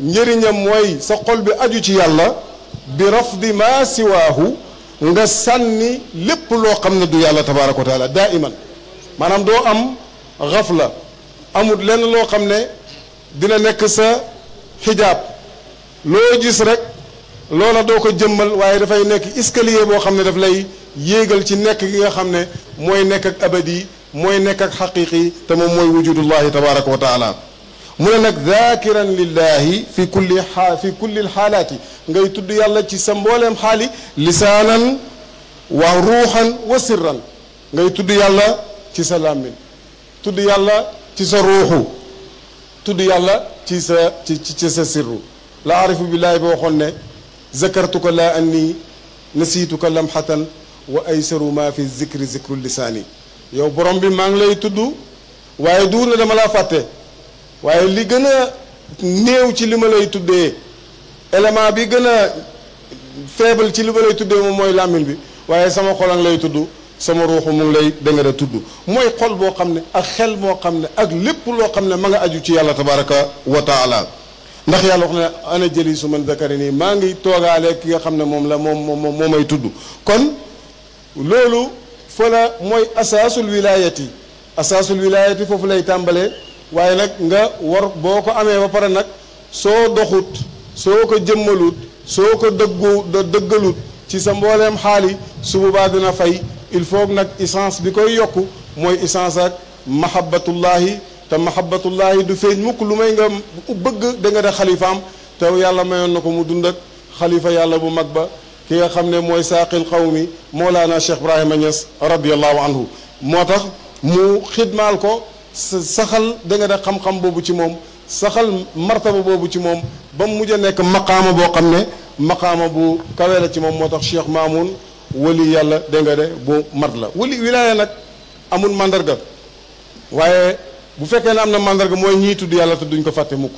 njëriñam mooy sa xol bi aju ci yàlla bi rafdi ma siwaahu nga sànni lépp loo xam ne du yàlla tabaraka wa taala daa iman maanaam doo am xafla amul lenn loo xam ne dina nekk sa xijaab loo gis rek loola doo ko jëmmal waaye dafay nekk escalier boo xam ne daf lay yéegal ci nekk gi nga xam ne mooy nekk ak abadi mooy nekk ak xaqiqi te moom mooy wujudullahi tabaraka wa taala mu ne nag daakiran lillahi fi kulli a fi kulli ngay tudd yàlla ci sa mbooleem xaali lisaanan wa ruuxan wa sirran ngay tudd yàlla ci sa làmmin tudd yàlla ci sa ruuxu tudd yàlla ci sa ci ci sa sirru la arifu billaahi ba waxoon ne zakartuka laa anni nasiituka lamxatan wa aysaru maa fi zikri zikru lisaani yow borom bi maa ngi lay tudd waaye duur na dama laa fàtte waaye li gën a néew ci li ma lay tuddee élément bi gën a faible ci li ma lay tuddee moom mooy làmmiñ bi waaye sama xolan lay tudd sama ruuxu mu ngi lay danga tudd mooy xol boo xam ne ak xel moo xam ne ak lépp loo xam ne ma nga aju ci yàlla tabaraka wa taala ndax yàlla wax ne ana jëli su man zakari nii maa ngi toogaale ki nga xam ne moom la moom moom moo may tudd kon loolu fa la mooy asaasul wilaayati asaasul wilaayati foofu lay tàmbalee waaye nag nga war boo ko amee ba pare nag soo doxut soo ko jëmmalut soo ko dëggu dëggalut ci sa mbooleem xaali su boobaa dina fay il faut nag essence bi koy yokku mooy essence ak mahabbatullahi te mahabbatullahi du feeñ mukk lu may nga bëgg da nga de xalifaam te yàlla mayoon na ko mu dund ak xalifa yàlla bu mag ba ki nga xam ne mooy saaqil qawmi moolaana Cheikh Ibrahima Niass radiallahu anhu moo tax mu xidmaal ko saxal danga nga xam-xam boobu ci moom saxal martaba boobu ci moom ba mu mujj a nekk maqaama boo xam ne maqaama bu kawe la ci moom moo tax Cheikh Mamoun wali yàlla dégg nga de bu mat la wali wilaaya nag amul mandarga waaye bu fekkee ne am na mandarga mooy ñii tudd yàlla te duñ ko fàtte mukk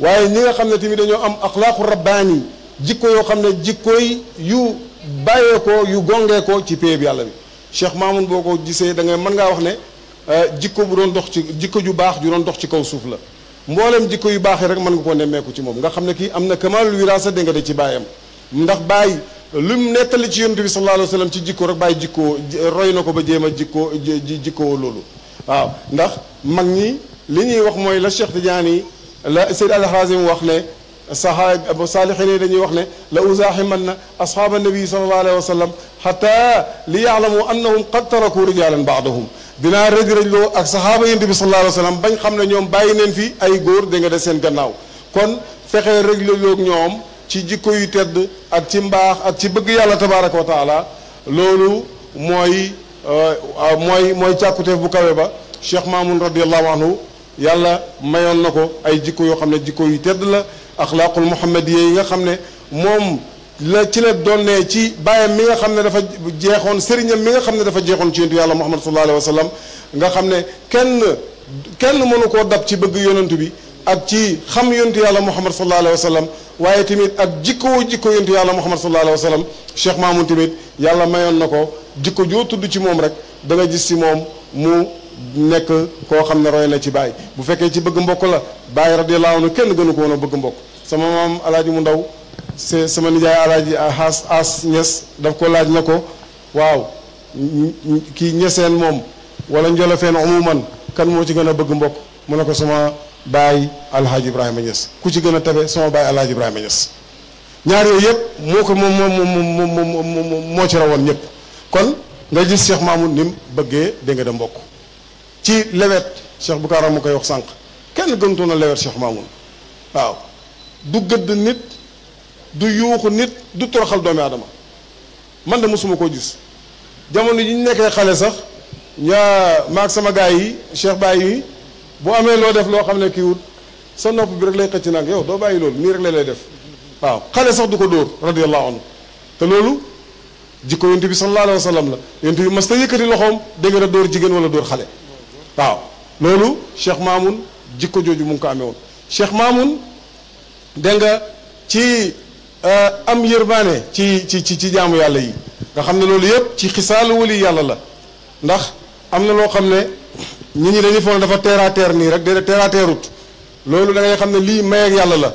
waaye ñi nga xam ne tamit dañoo am axlaaqu rabbaani jikko yoo xam ne jikkooy yu bàyyeekoo yu gongeekoo ci péeb yàlla bi Cheikh Mamoun boo ko gisee da ngay mën ngaa wax ne euh, jikko bu doon dox ci jikko ju baax ju doon dox ci kaw suuf la mboolem jikko yu baax rek mën nga koo nemmeeku ci moom nga xam ne kii am na kamaalul wiraasa dégg nga de ci baayam ndax baay lu mu nettali ci yonent bi sallallahu alayhi wa sallam ci jikko rek baay jikko roy na ko ba jéem a jikko jikkoo loolu waaw ndax mag ñi li ñuy wax mooy la Cheikh Tidiane la Seyd Al Harazim wax ne sahaaba saalixiin yi dañuy wax ne la na uzaaximanna ashaaba nabi sallallahu alayhi wa sallam xata li yaalamu annahum qad taraku rijalan baadahum dinaa rëj rëjloo ak saxaaba yonent bi sallallahu alayhi wa sallam bañ xam ne ñoom bàyyi neen fi ay góor danga nga seen gannaaw kon fexee rëj rëjloo ñoom ci jikko yu tedd ak ci mbaax ak ci bëgg yàlla tabaraka wa taala loolu mooy euh, mooy mooy càkkuteef bu kawe ba Cheikh Mamoun radiallahu anhu yàlla mayoon na ko ay jikko yoo xam ne jikko yu tedd la axlaaqul muhammad yi nga xam ne moom la ci la donnee ci bàyyam mi nga xam ne dafa jeexoon sëriñam mi nga xam ne dafa jeexoon ci yontu yàlla muhammad sallallahu alayhi wa sallam nga xam ne kenn kenn mënu koo dab ci bëgg yonent bi ak ci xam yontu yàlla muhammad sallallahu alayhi wa sallam waaye tamit ak jikko jikko yontu yàlla muhammad sallallahu alayhi wa sallam Cheikh Mamoun yàlla mayoon na ko jikko joo tudd ci moom rek da nga gis ci moom mu nekk koo xam ne roy na ci bàyyi bu fekkee ci bëgg mbokk la bàyyi radiyallahu anhu kenn gënu ko woon a bëgg mbokk sama maam alaaji mu ndaw se sama nijaay alaaji xaas as ñes daf ko laaj na ko waaw kii ñeseen moom wala njolofeen umuman kan moo ci gën a bëgg mbokk mu ne ko sama baay alhaaji ibrahima ñes ku ci gën a tabe sama baay alhaaji ibrahima ñes ñaar yooyu yëpp moo ko moom moo moo ci rawoon ñëpp kon nga ji Cheikh Mamoud ni mu bëggee dégg nga da mbokk ci lewet Cheikh Boucar mu koy wax sànq kenn gëntoon na lewet Cheikh Mamoud waaw du gëdd nit du yuuxu nit du toroxal doomi aadama man de mosuma koo gis jamono yi ñu nekkee xale sax ñaa maag sama gaa yi Cheikh bàyyi yi bu amee loo def loo xam ne kii wut sa nopp bi rek lay xëcc nag yow doo bàyyi loolu nii rek la lay def waaw xale sax du ko dóor radiyallahu anhu te loolu jikko yonent bi sallallahu alayhi wa sallam la yonent bi mas ta yëkkati loxoom dégg nga dóor jigéen wala dóor xale waaw loolu Cheikh Mamoun jikko jooju mu ngi ko amee woon Cheikh Mamoun ci Euh, am yërmaane ci ci ci ci jaamu yàlla yi nga xam ne loolu yëpp ci xisaalu wali yàlla la ndax am na loo xam ne nit ñi dañuy foog dafa terre à nii rek déedéet terre à loolu da ngay xam ne lii may ak yàlla la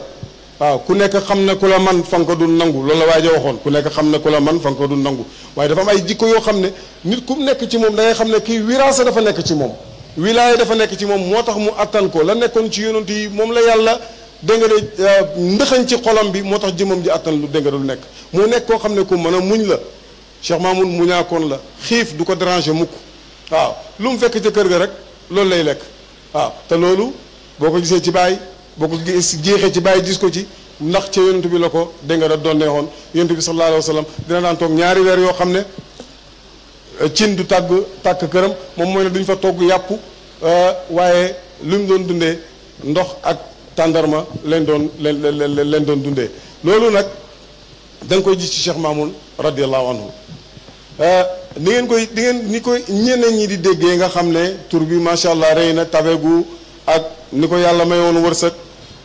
waaw ku nekk xam na ku la man fa ko du nangu loolu la waaja waxoon ku nekk xam na ku la man fa du nangu waaye dafa am ay jikko yoo xam ne nit ku nekk ci moom dangay xam ne kii wiraasa dafa nekk ci moom wilaaya dafa nekk ci moom moo tax mu attan ko la nekkoon ci yonent yi moom la yàlla dégg nga de euh, ndëxañ ci xolam bi moo tax jëmam ji àttan lu dégg lu nekk mu nekk koo xam ne ku mën a muñ la Cheikh Mamoun muñaakoon la xiif du ko déranger mukk waaw lu mu fekk ca kër ga rek loolu lay lekk waaw te loolu boo ko gisee ci bàyyi boo ko jeexee ci bàyyi gis ko ci ndax ca yonent bi la ko dégg nga doon neexoon yonent bi sallallahu alayhi wa sallam dina daan toog ñaari weer yoo xam ne euh, cin du tàgg tàkk këram moom mooy ne duñ fa togg yàpp euh, waaye lu mu doon dundee ndox ak tàndarma leen doon leen leen leen doon dundee loolu nag da nga koy gis ci Cheikh Mamoun radiallahu anhu euh, ni ngeen koy di ngeen ni koy ñeneen ñi di déggee nga xam ne tour bi macha allah rëy na tabegu ak ni ko yàlla mayoon wërsëg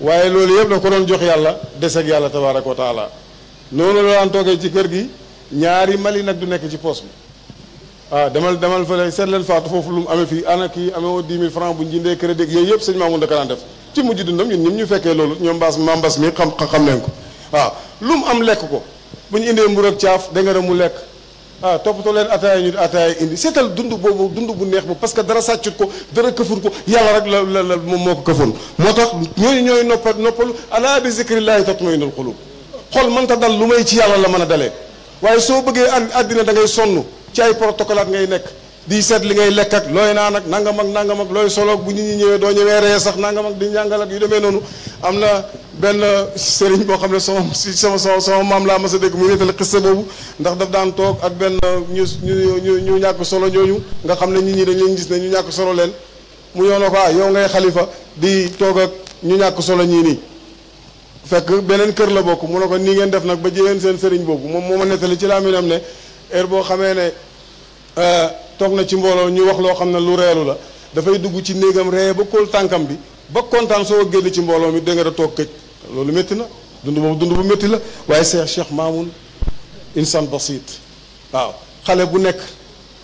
waaye loolu yëpp da ko doon jox yàlla des ak yàlla tabaraka wa taala noonu la daan toogee ci kër gi ñaari mali nag du nekk ci poos bi ah demal demal fële seet faatu foofu lu mu amee fii ana kii amee woon 10 000 francs bu ñu jëndee crédit yooyu yëpp sëñ Mamoun da ko daan ci mujj dundam ñun ñoom ñu fekkee loolu ñoom mbaas ma mbas mi xam xam leen ko waaw lu mu am lekk ko bu ñu indee mbur ak caaf da nga dem mu lekk waaw toppatoo leen ataaya ñu ataaya indi seetal dund boobu dund bu neex ba parce que dara sàccut ko dara këfur ko yàlla rek la la la moom moo ko këfoon moo tax ñooñu ñooy noppa noppalu alaa bi zikrillaahi tatma'innul quluub xol mënta dal lu may ci yàlla la mën a dalee waaye soo bëggee àddina da ngay sonn ci ay protocolaat ngay nekk di seet li ngay lekk ak looy naan ak nangam ak nangam ak looy solo bu nit ñi ñëwee doo ñëwee ree sax nangam ak di njàngal yu demee noonu am na benn sëriñ boo xam ne sama si sama sama maam laa mas a dégg mu wéetale boobu ndax daf daan toog ak benn ñu ñu ñu ñàkk solo ñooñu nga xam ne nit ñi dañ leen gis ne ñu ñàkk solo leen mu ñëw na ko ah yow ngay xalifa di toog ak ñu ñàkk solo ñii nii fekk beneen kër la bokk mu ne ko nii ngeen def nag ba jëleen seen sëriñ boobu moom moo ma nettali ci laa mi am ne heure boo xamee ne euh, toog na ci mbooloo ñu wax loo xam ne lu reelu la dafay dugg ci néegam ree ba kóol tànkam bi ba kontaan soo génn ci mbooloo mi da nga da toog këj loolu métti na dund boobu dund bu métti la waaye Cheikh Cheikh Mamoun insan basit waaw xale bu nekk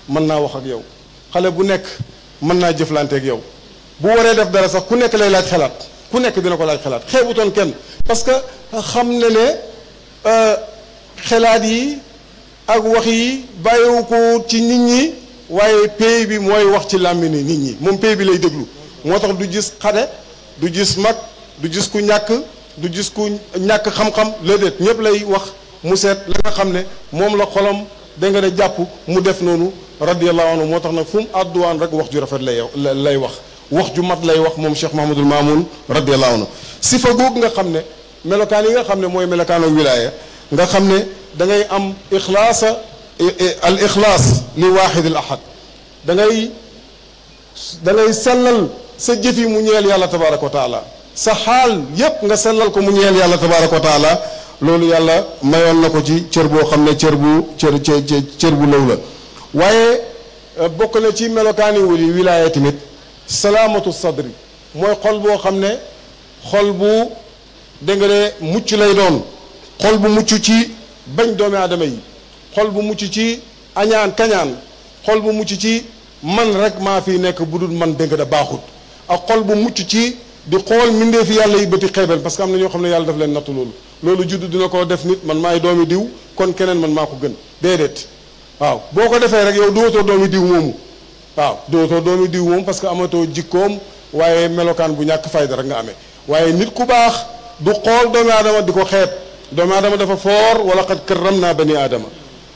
mën naa wax ak yow xale bu nekk mën naa jëflanteek yow bu waree def dara sax ku nekk lay laaj xalaat ku nekk dina ko laaj xalaat toon kenn parce que xam ne ne euh, xalaat yi ak wax yi bàyyiwu ko ci nit ñi waaye pays bi mooy wax ci làmmiñu nit ñi moom pays bi lay déglu moo tax du gis xale du gis mag du gis ku ñàkk du gis ku ñàkk xam-xam léeg-léeg ñëpp lay wax mu seet la nga xam ne moom la xolam da nga ne jàpp mu def noonu radiyallahu anhu moo tax nag fu mu àdduwaan rek wax ju rafet lay lay wax wax ju mat lay wax moom Cheikh Mahamadul Mamoun radiyallahu anhu sifa googu nga xam ne melokaan yi nga xam ne mooy melokaan ak wilaaya nga xam ne da ngay am ixlaasa al ixlaas li waaxid al ahad da ngay sa jëfi mu ñeel yàlla tabaraka wa taala sa xaal yépp nga sellal ko mu ñeel yàlla tabaraka wa taala loolu yàlla mayoon na ko ci cër boo xam ne cër bu cër cër bu lëw la waaye euh, bokk na ci melokaani wuli wilaaya tamit salaamatu sadri mooy xol boo xam ne xol bu dégg nga mucc lay doon xol bu mucc ci bañ doomi aadama yi xol bu mucc ci añaan kañaan xol bu mucc ci man rek maa fi nekk bu dul man dégg da baaxut ak xol bu mucc ci di xool mbindeef fi yàlla yi bëti xeebel parce que am na ñoo xam ne yàlla daf leen nattu loolu loolu juddu dina ko def nit man maay doomi diw kon keneen man maa ko gën déedéet waaw boo ko defee rek yow dootoo doomi diw moomu waaw dootoo doomi diw moomu parce que amatoo jikkoom waaye melokaan bu ñàkk fayda rek nga amee waaye nit ku baax du xool doomi aadama di ko xeet doomi aadama dafa foor wala xat kërram naa bani aadama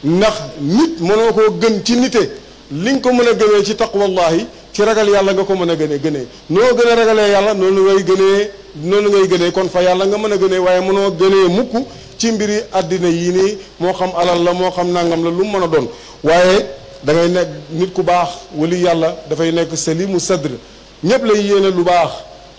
ndax nit mënoo koo gën ci nite li nga ko mën a gënee ci taqwallahi ci ragal yàlla nga ko mën a gënee gënee noo gën a ragalee yàlla noonu ngay gënee a ngay gënee kon fa yàlla nga mën a gënee waaye mënoo gënee mukk ci mbiri àddina yii nii moo xam alal la moo xam nangam la lu mu mën a doon waaye da ngay nekk nit ku baax wali yàlla dafay nekk salimu sadr ñépp lay yéene lu baax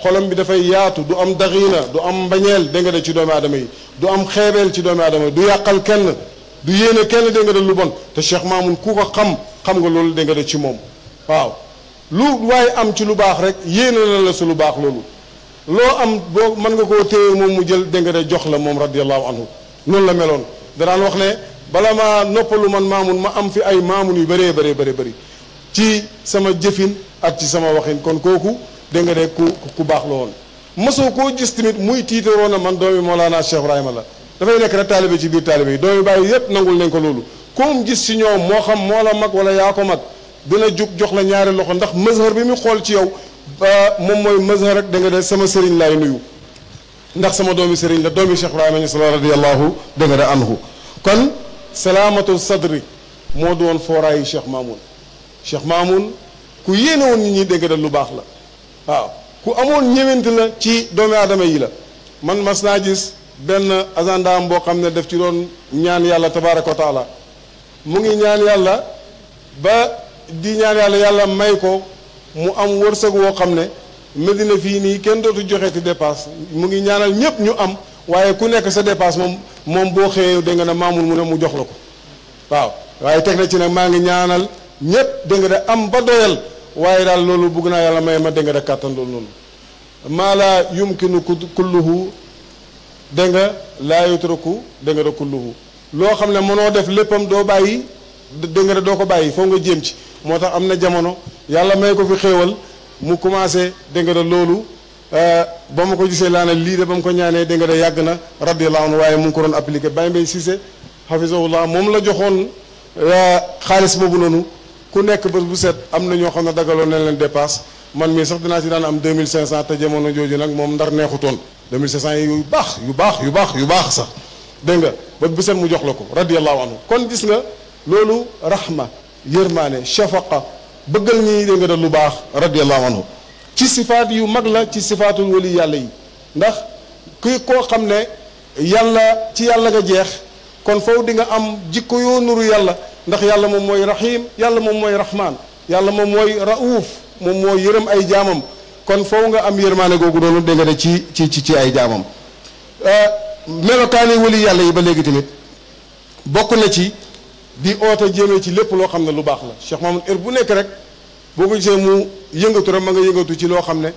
xolam bi dafay yaatu du am daxiina du am mbañeel dégg de ci doomi aadama yi du am xeebeel ci doomi aadama yi du yàqal kenn du yéene kenn dégg nga de lu bon te Cheikh Mamoun ku ko xam xam nga loolu dégg de ci moom waaw lu waaye am ci lu baax rek yéene na la su lu baax loolu loo am boo mën nga koo téye moom mu jël dégg de jox la moom radiallahu anhu loolu la meloon danaan wax ne bala maa noppalu man Mamoun ma am fi ay Mamoun yu bëree bëree bëri bëri ci sama jëfin at ci sama waxin kon kooku dégg nga de ku ku baax la woon mosoo koo gis tamit muy tiitaroon na man doomi Mawlana Cheikh Ibrahima la dafay nekk rek taalibe ci biir taalibe yi doomi bàyyi yépp nangul nañ ko loolu comme gis ci ñoom moo xam moo la mag wala yaa ko mag dina jug jox la ñaari loxo ndax mazhar bi muy xool ci yow moom mooy mazhar rek da nga de sama sëriñ laay nuyu ndax sama doomi sëriñ la doomi Cheikh Ibrahima Niass la radiyallahu da nga de anhu kon salaamatu sadri moo doon fooraayu Cheikh Mamoun Cheikh Mamoun ku yéene woon nit ñi dégg da lu baax la waaw ku amoon ñëwante la ci doomi aadama yi la man mas naa gis benn agenda am boo xam ne def ci doon ñaan yàlla tabaaraka wa taala mu ngi ñaan yàlla ba di ñaan yàlla yàlla may ko mu am wërsëg woo xam ne Medina fii nii kenn dootu joxe ci dépasse mu ngi ñaanal ñëpp ñu am waaye ku nekk sa dépasse moom moom boo xëyee dënga nga ne maamul mu ne mu jox la ko waaw waaye teg na ci nag maa ngi ñaanal ñëpp dégg nga am ba doyal waaye daal loolu bëgg naa yàlla may ma dégg nga de kàttan loolu noonu maa laa yumkinu kulluhu dégg nga laa yutraku dégg nga kulluhu loo xam ne mënoo def léppam doo bàyyi dégg nga doo ko bàyyi foog nga jéem ci moo tax am na jamono yàlla may ko fi xéewal mu commencé dégg nga loolu euh, ba ma ko gisee laa ne lii de ba mu ko ñaanee dégg nga yàgg na radiyallahu anhu waaye mu ngi ko doon appliqué Baye Mbaye Cissé hafizahullah moom la joxoon euh, xaalis boobu noonu ku nekk bés bu set am na ñoo xam ne dagaloon nañ leen dépasse man mii sax dinaa ci daan am 2500 te jamono jooju nag moom ndar neexutoon 2500 yi yu baax yu baax yu baax yu baax sax dégg nga ba biseen mu jox la ko radiyallahu anhu kon gis nga loolu rahma yërmaane shafaqa bëggal ñi dégg nga da lu baax radiyallahu anhu ci sifaat yu mag la ci sifaatul wali yàlla yi ndax kuy koo xam ne yàlla ci yàlla nga jeex kon foofu di nga am jikko yoo nuru yàlla ndax yàlla moom mooy rahim yàlla moom mooy rahmaan yàlla moom mooy raouf moom moo yërëm ay jaamam kon foofu nga am yërmaane googu doonu dégg ne ci ci ci ay jaamam euh, melokaani wali yàlla yi ba léegi tamit bokk na ci di oote jéeme ci lépp loo xam ne lu baax la Cheikh Mamadou heure bu nekk rek boo ko gisee mu yëngatu rek ma nga yëngatu ci loo xam ne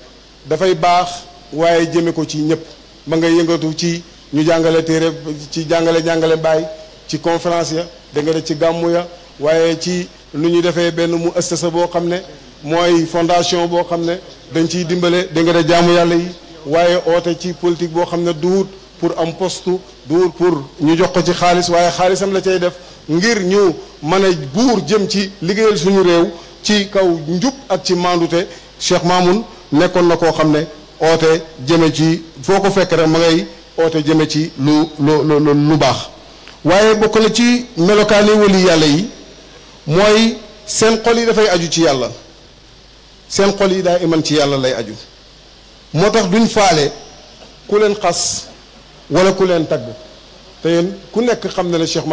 dafay baax waaye jëme ko ci ñëpp ma nga yëngatu ci ñu jàngale téere ci jàngale jàngale baay ci conférence ya dégg nga ci gàmmu ya waaye ci nu ñu defee benn mu ëstasa boo xam ne mooy fondation boo xam ne dañ ciy dimbale da nga jaamu yàlla yi waaye oote ci politique boo xam ne duwut pour am poste duwut pour ñu jox ko ci xaalis waaye xaalisam la cay def ngir ñu mën a buur jëm ci liggéeyal suñu réew ci kaw njub ak ci maandute Cheikh Mamoun nekkoon na koo xam ne oote jëme ci foo ko fekk rek ma ngay oote jëme ci lu lu lu lu baax waaye bokk na ci melokaani wali yàlla yi mooy seen xol yi dafay aju ci yàlla seen xol yi daa iman ci yàlla lay aju moo tax duñ faale ku leen xas wala ku leen tagg te ku nekk xam na ne Cheikh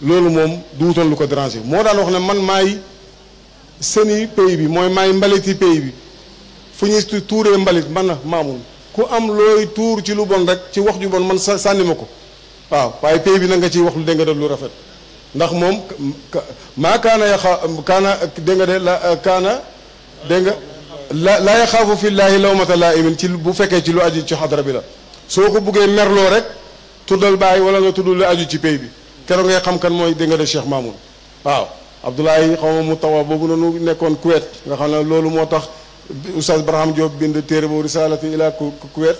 loolu moom du wutal lu ko déranger moo daan wax ne man maay seni pays bi mooy maay mbaliti pays bi fu ñuy tuuree mbalit man na Mamoun ku am looy tuur ci lu bon rek ci wax ju bon man sànni ma ko waaw waaye pays bi na nga ciy wax lu dégg nga def lu rafet. ndax moom maa kaana yaxa kaana dégg nga de la euh, kaana dégg nga la laa yaxaafu fillaahi lawmata laa'imin ci bu fekkee ci lu aju ci xadra bi la soo ko buggee merloo rek tuddal bàyyi wala nga tuddal lu aju ci pay bi keroog ngay xam kan mooy dégg nga de Cheikh Mamoun waaw Abdoulaye xaw ma mu tawa boobu noonu nekkoon Kuwait nga xam ne loolu moo tax Oustaz Braham Diop bind téere boobu risaalati ilaa Kuwait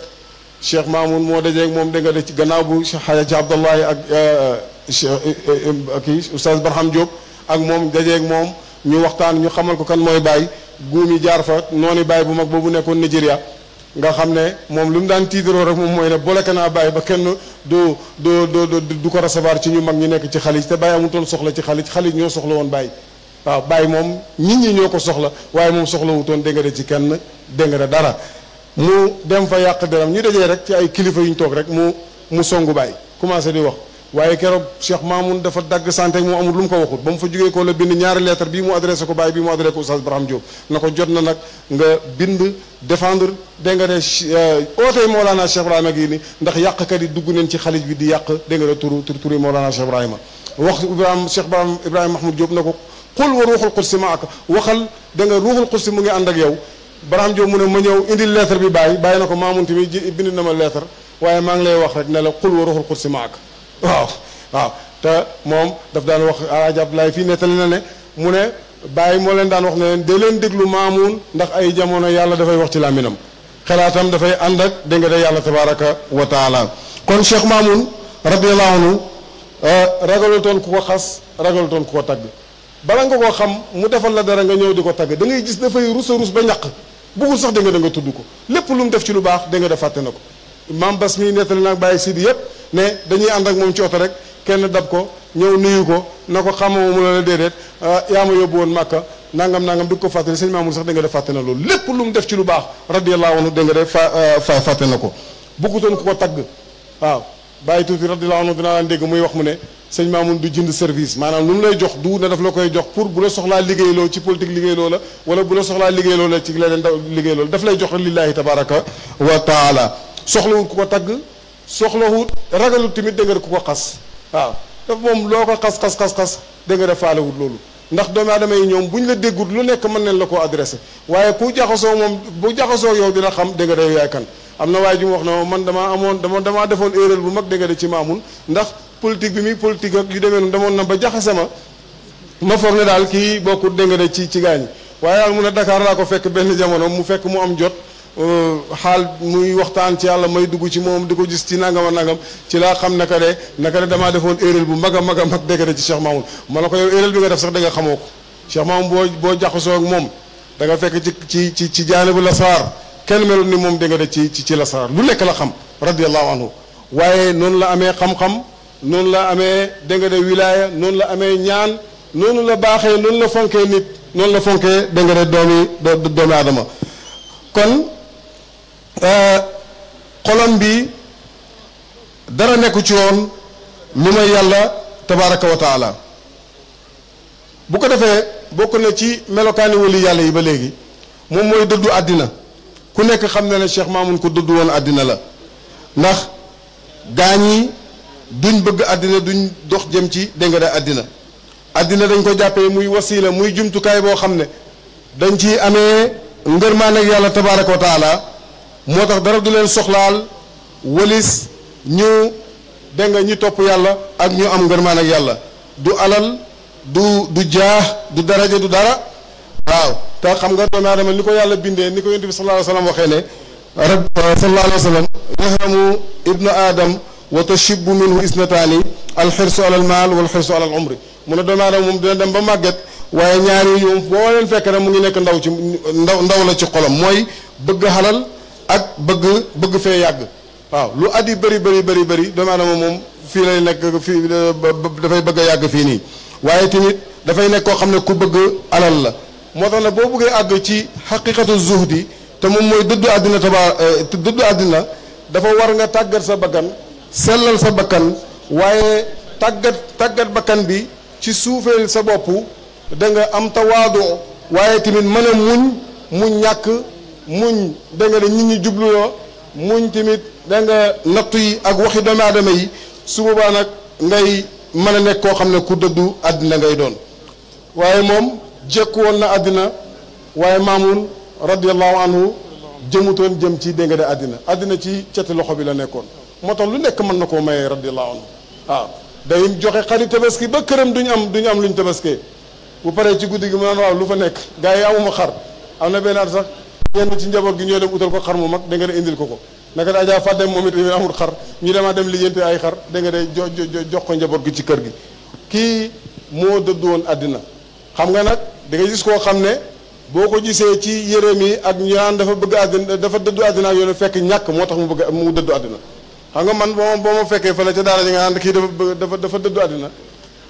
Cheikh Mamoun moo dajeeg moom dégg de ci gannaaw bu xaja ci Abdoulaye ak euh, euh, Cheikh euh, kii Oustaz Barham Diop ak moom dajeeg moom ñu waxtaan ñu xamal ko kan mooy Baye guumi jaar fa noonu Baye bu mag boobu nekkoon Nigeria nga xam ne moom lu mu daan tiitaroo rek moom mooy ne boleke naa Baye ba kenn du du du du ko recevoir ci ñu mag ñu nekk ci xalij te Baye amutoon soxla ci xalij xalij ñoo soxla woon Baye waaw Baye moom nit ñi ñoo ko soxla waaye moom soxla wutoon dégg nga de ci kenn dégg de dara mu dem fa yàq deram ñu dajee rek ci ay kilifa yu ñu toog rek mu mu songu bàyyi commencé ni wax waaye keroog Cheikh Mamoun dafa dagg santé mu amul lu mu ko waxut ba mu fa jógee ko la bind ñaari lettre bii mu adressé ko bàyyi bii mu adressé ko Oustaz Braham Diop na ko jot na nag nga bind défendre dégg nga ne euh, ootey Mawlana Cheikh Ibrahima gi ni ndax yàq yàqkat yi dugg nañ ci xalis bi di yàq dégg nga ne turu turu Mawlana Cheikh Ibrahima wax Ibrahima Cheikh Ibrahima Mahmoud Diop na ko xul wa ruuxul ma ak waxal da nga ruuxul xudsi ngi ànd ak yow Barham Diop mu ne ma ñëw indil lettre bi bàyyi bàyyi na ko Maamun tamit ji bind na ma lettre waaye maa ngi lay wax rek ne la xul wa ruxul xursi maak waaw waaw te moom daf daan wax Alaaji Abdoulaye fii nettali na ne mu ne bàyyi moo leen daan wax ne leen de leen déglu Maamun ndax ay jamono yàlla dafay wax ci làmminam xelaatam dafay ànd ak dégg nga de yàlla tabaraka wa taala kon Cheikh Maamun radiyallahu anhu euh, ragalutoon ku ko xas ragalutoon ku ko tagg balaa nga ko xam mu defal la dara nga ñëw di ko tagg da ngay gis dafay rus a rus ba ñaq bëggul sax da nga da nga tudd ko lépp lu mu def ci lu baax da nga def fàtte na ko maam bas mi nettali naag bàyyi siidi yépp ne dañuy ànd ak moom ci oto rek kenn dab ko ñëw nuyu ko na ko xamama mu la la déedéet ah, yaa ma yóbbu woon màkka nangam nangam di ko fàttali sëñ Mamour sax da nga def fàtte na loolu lépp lu mu def ci lu baax radiallahu anhu da nga def euh, fa fàtte na ko bëggutoon ku ko tagg waaw bàyyi tuuti radiallahu anhu dinaa daan dégg muy wax mu ne sëñ Mamoun du jënd service maanaam lu mu lay jox du ne daf la koy jox pour bu la soxlaa liggéeyloo ci politique liggéeyloo la wala bu la soxlaa liggéeyloo la ci leneen da liggéeyloo la daf lay jox rek lillaahi tabaraka wa taala soxlawut ku ko tagg soxlawut ragalut tamit dégg nga ku ko xas waaw daf moom loo ko xas xas xas xas dégg nga loolu ndax doomu aadama yi ñoom bu ñu la déggut lu nekk mën nañ la koo adressé waaye ku jaxasoo moom bu jaxasoo yow dina xam dégg nga day am na waaye mu wax na man damaa amoon dama damaa defoon erreur bu mag dégg ci Mamoun ndax politique bi muy politique ak yu demee noonu demoon na ba jaxase sama ma foog ne daal kii bokkut dégg nga ci ci gaañ waaye daal mun ne dakaar laa ko fekk benn jamono mu fekk mu am jot euh, xaal muy waxtaan ci yàlla may dugg ci moom di ko gis ci nangam a nangam ci laa xam naka de naka de damaa defoon erreur bu mag a mag a mag dégg ci Cheikh Mamoun ma ne ko yow erreur bi nga def sax da nga xamoo ko Cheikh Mamoun boo boo jaxasoo ak moom danga fekk ci ci ci ci jaane bu lasaar kenn melul ni moom dégg nga ci ci ci lasaar lu nekk la xam radiyallahu anhu waaye noonu la amee xam noonu la amee dégg nga de wilaaya noonu la amee ñaan noonu la baaxee noonu la fonkee nit noonu la fonkee dégg nga de doomi doomi aadama kon euh, xolam bi dara nekku ci woon lu may yàlla tabaraka wa taala bu ko defee bokk na ci melokaani wali yàlla yi ba léegi moom mooy dëddu àddina ku nekk xam na ne Cheikh Mamoun ko dëddu woon àddina la ndax gaañi duñ bëgg àddina duñ dox jëm ci dégg nga àddina àddina dañ ko jàppee muy wasiila muy jumtukaay boo xam ne dañ ci amee ngërmaan ak yàlla tabaaraka wa taala moo tax dara du leen soxlaal walis ñu dégg nga ñi topp yàlla ak ñu am ngërmaan ak yàlla du alal du du jaax du daraja du dara waaw te xam nga doomu aadama ni ko yàlla bindee ni ko yonent bi sallallahu alayhi wa wa tashibbu minhu isnataani alxirsu ala almaal wal xirsu ala al umri mu ne doomu aadama moom dina dem ba màgget waaye ñaari yoom boo leen fekk mu ngi nekk ndaw ci ndaw ndaw la ci xolam mooy bëgg xalal ak bëgg bëgg fee yàgg waaw lu at bëri bëri bëri bëri doomu aadama moom fii lay nekk fii dafay bëgg yàgg fii nii waaye tamit dafay nekk koo xam ne ku bëgg alal la moo tax ne boo bëggee àgg ci xaqiqatu zuhdi te moom mooy dëddu àddina tabaa eh, dëddu àddina dafa war nga tàggat sa bakkan sellal sa bakkan waaye tàggat tàggat bakkan bi ci suufeel sa bopp danga am tawaadu waaye tamit mën a muñ muñ ñàkk muñ da nga ne nit ñi jubluloo muñ tamit da nattu yi ak waxi doomu yi su boobaa nag ngay mën a nekk koo xam ne ku dëddu àddina ngay doon waaye moom jekk woon na àddina waaye Maamun radiyallahu anhu jëmutoon jëm ci dégg de àddina àddina ci cati loxo bi la nekkoon moo tax lu nekk mën na koo maye radiyallahu anhu waaw day joxe xari tabaski ba këram ñu am duñu am lu ñu luñ ke bu paree ci guddi gi mu naan waaw lu fa nekk gars yi amuma xar am na benn at sax ñenn ci njaboot gi ñoo dem utal ko xar mu mag da nga indil ko ko naka da ajaa fàdde moom it amul xar ñu demaa dem lijjanti ay xar da nga de jo jox ko njaboot gi ci kër gi kii moo dëdd woon àddina xam nga nag da nga gis koo xam ne boo ko gisee ci yërëm yi ak ñaan dafa bëgg àddina dafa dëddu àddina ak yoon fekk ñàkk moo tax mu bëgg mu dëddu àddina xam nga man boo boo ma fekkee fële ca daal ji nga ànd kii dafa dafa dafa dëddu àddina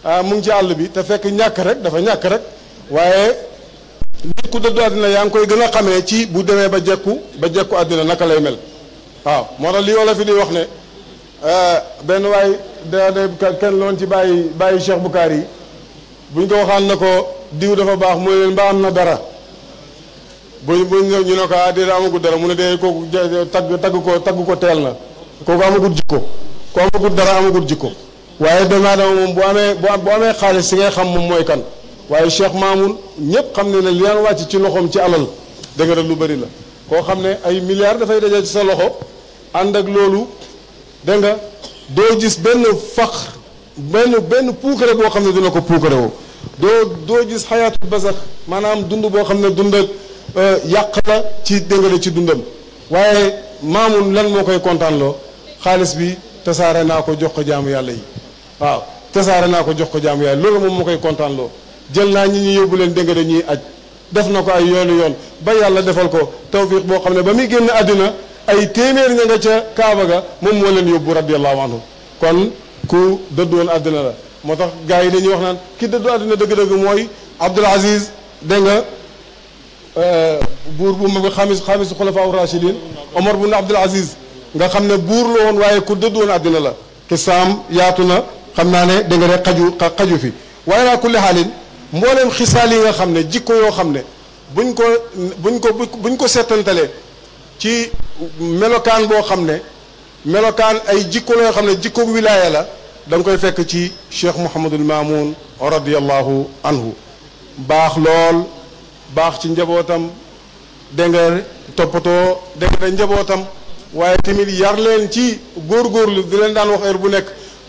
ah mu ci àll bi te fekk ñàkk rek dafa ñàkk rek waaye nit ku dëddu àddina yaa ngi koy gën a xamee ci bu demee ba jekku ba jekku àddina naka lay mel waaw moo tax li wala fi di wax ne ah, benn waay da day kenn loon ci bàyyi bàyyi Cheikh Bukaar yi buñ ko waxaan na ko diw dafa baax mu leen ba am na dara bu buñ ñu ne ko ah déedéet dara mu ne dee kooku tagg tagg ko tagg ko teel na kooku amagut jikko ku amagut dara amagut jikko waaye doomu aadama moom bu amee bu amee xaalis si ngay xam moom mooy kan waaye Cheikh Mamoun ñëpp xam ne ne li daan wàcc ci loxoom ci alal dëgg la lu bari la koo xam ne ay milliards dafay daje ci sa loxo ànd ak loolu dégg nga doo gis benn fax benn benn puukare boo xam ne dina ko puukare woo doo doo gis xayaatu sax maanaam dund boo xam ne dund ak euh, yàq la ci dëngale ci dundam waaye Mamoun lan moo koy kontaanloo xaalis bi tasaare naa ko jox ko jaamu yàlla yi waaw tasaare naa ko jox ko jaamu yàlla loolu moom moo koy kontaan loo jël naa ñi ñu yóbbu leen dégg nga dañuy aj def na ko ay yoonu yoon ba yàlla defal ko tawfiq boo xam ne ba muy génn àddina ay téeméer ña nga ca Kaaba ga moom moo leen yóbbu radiyallahu anhu kon ku dëddu àddina la moo tax gaa yi dañuy wax naan ki dëddu àddina dëgg-dëgg mooy Abdul Aziz dégg nga euh, buur bu mag xamis xamis xulafaa rachidin Omar bun Abdul Aziz nga xam ne buur la woon waaye ku dëddoon àddina la xisaam yaatu na xam naa ne da nga ne xaju xaju fi waaye naa kulli xaalin mbooleem xisaal yi nga xam ne jikko yoo xam ne buñ ko buñ ko buñ ko seetantalee ci melokaan boo xam ne melokaan ay jikko la yoo xam ne jikko wilaaya la da koy fekk ci cheikh Mouhamadul Maamoun radiyallahu anhu baax lool baax ci njabootam dégg nga toppatoo dégg nga njabootam. waaye tamit yar leen ci góor góorgóorlu di leen daan wax bu nekk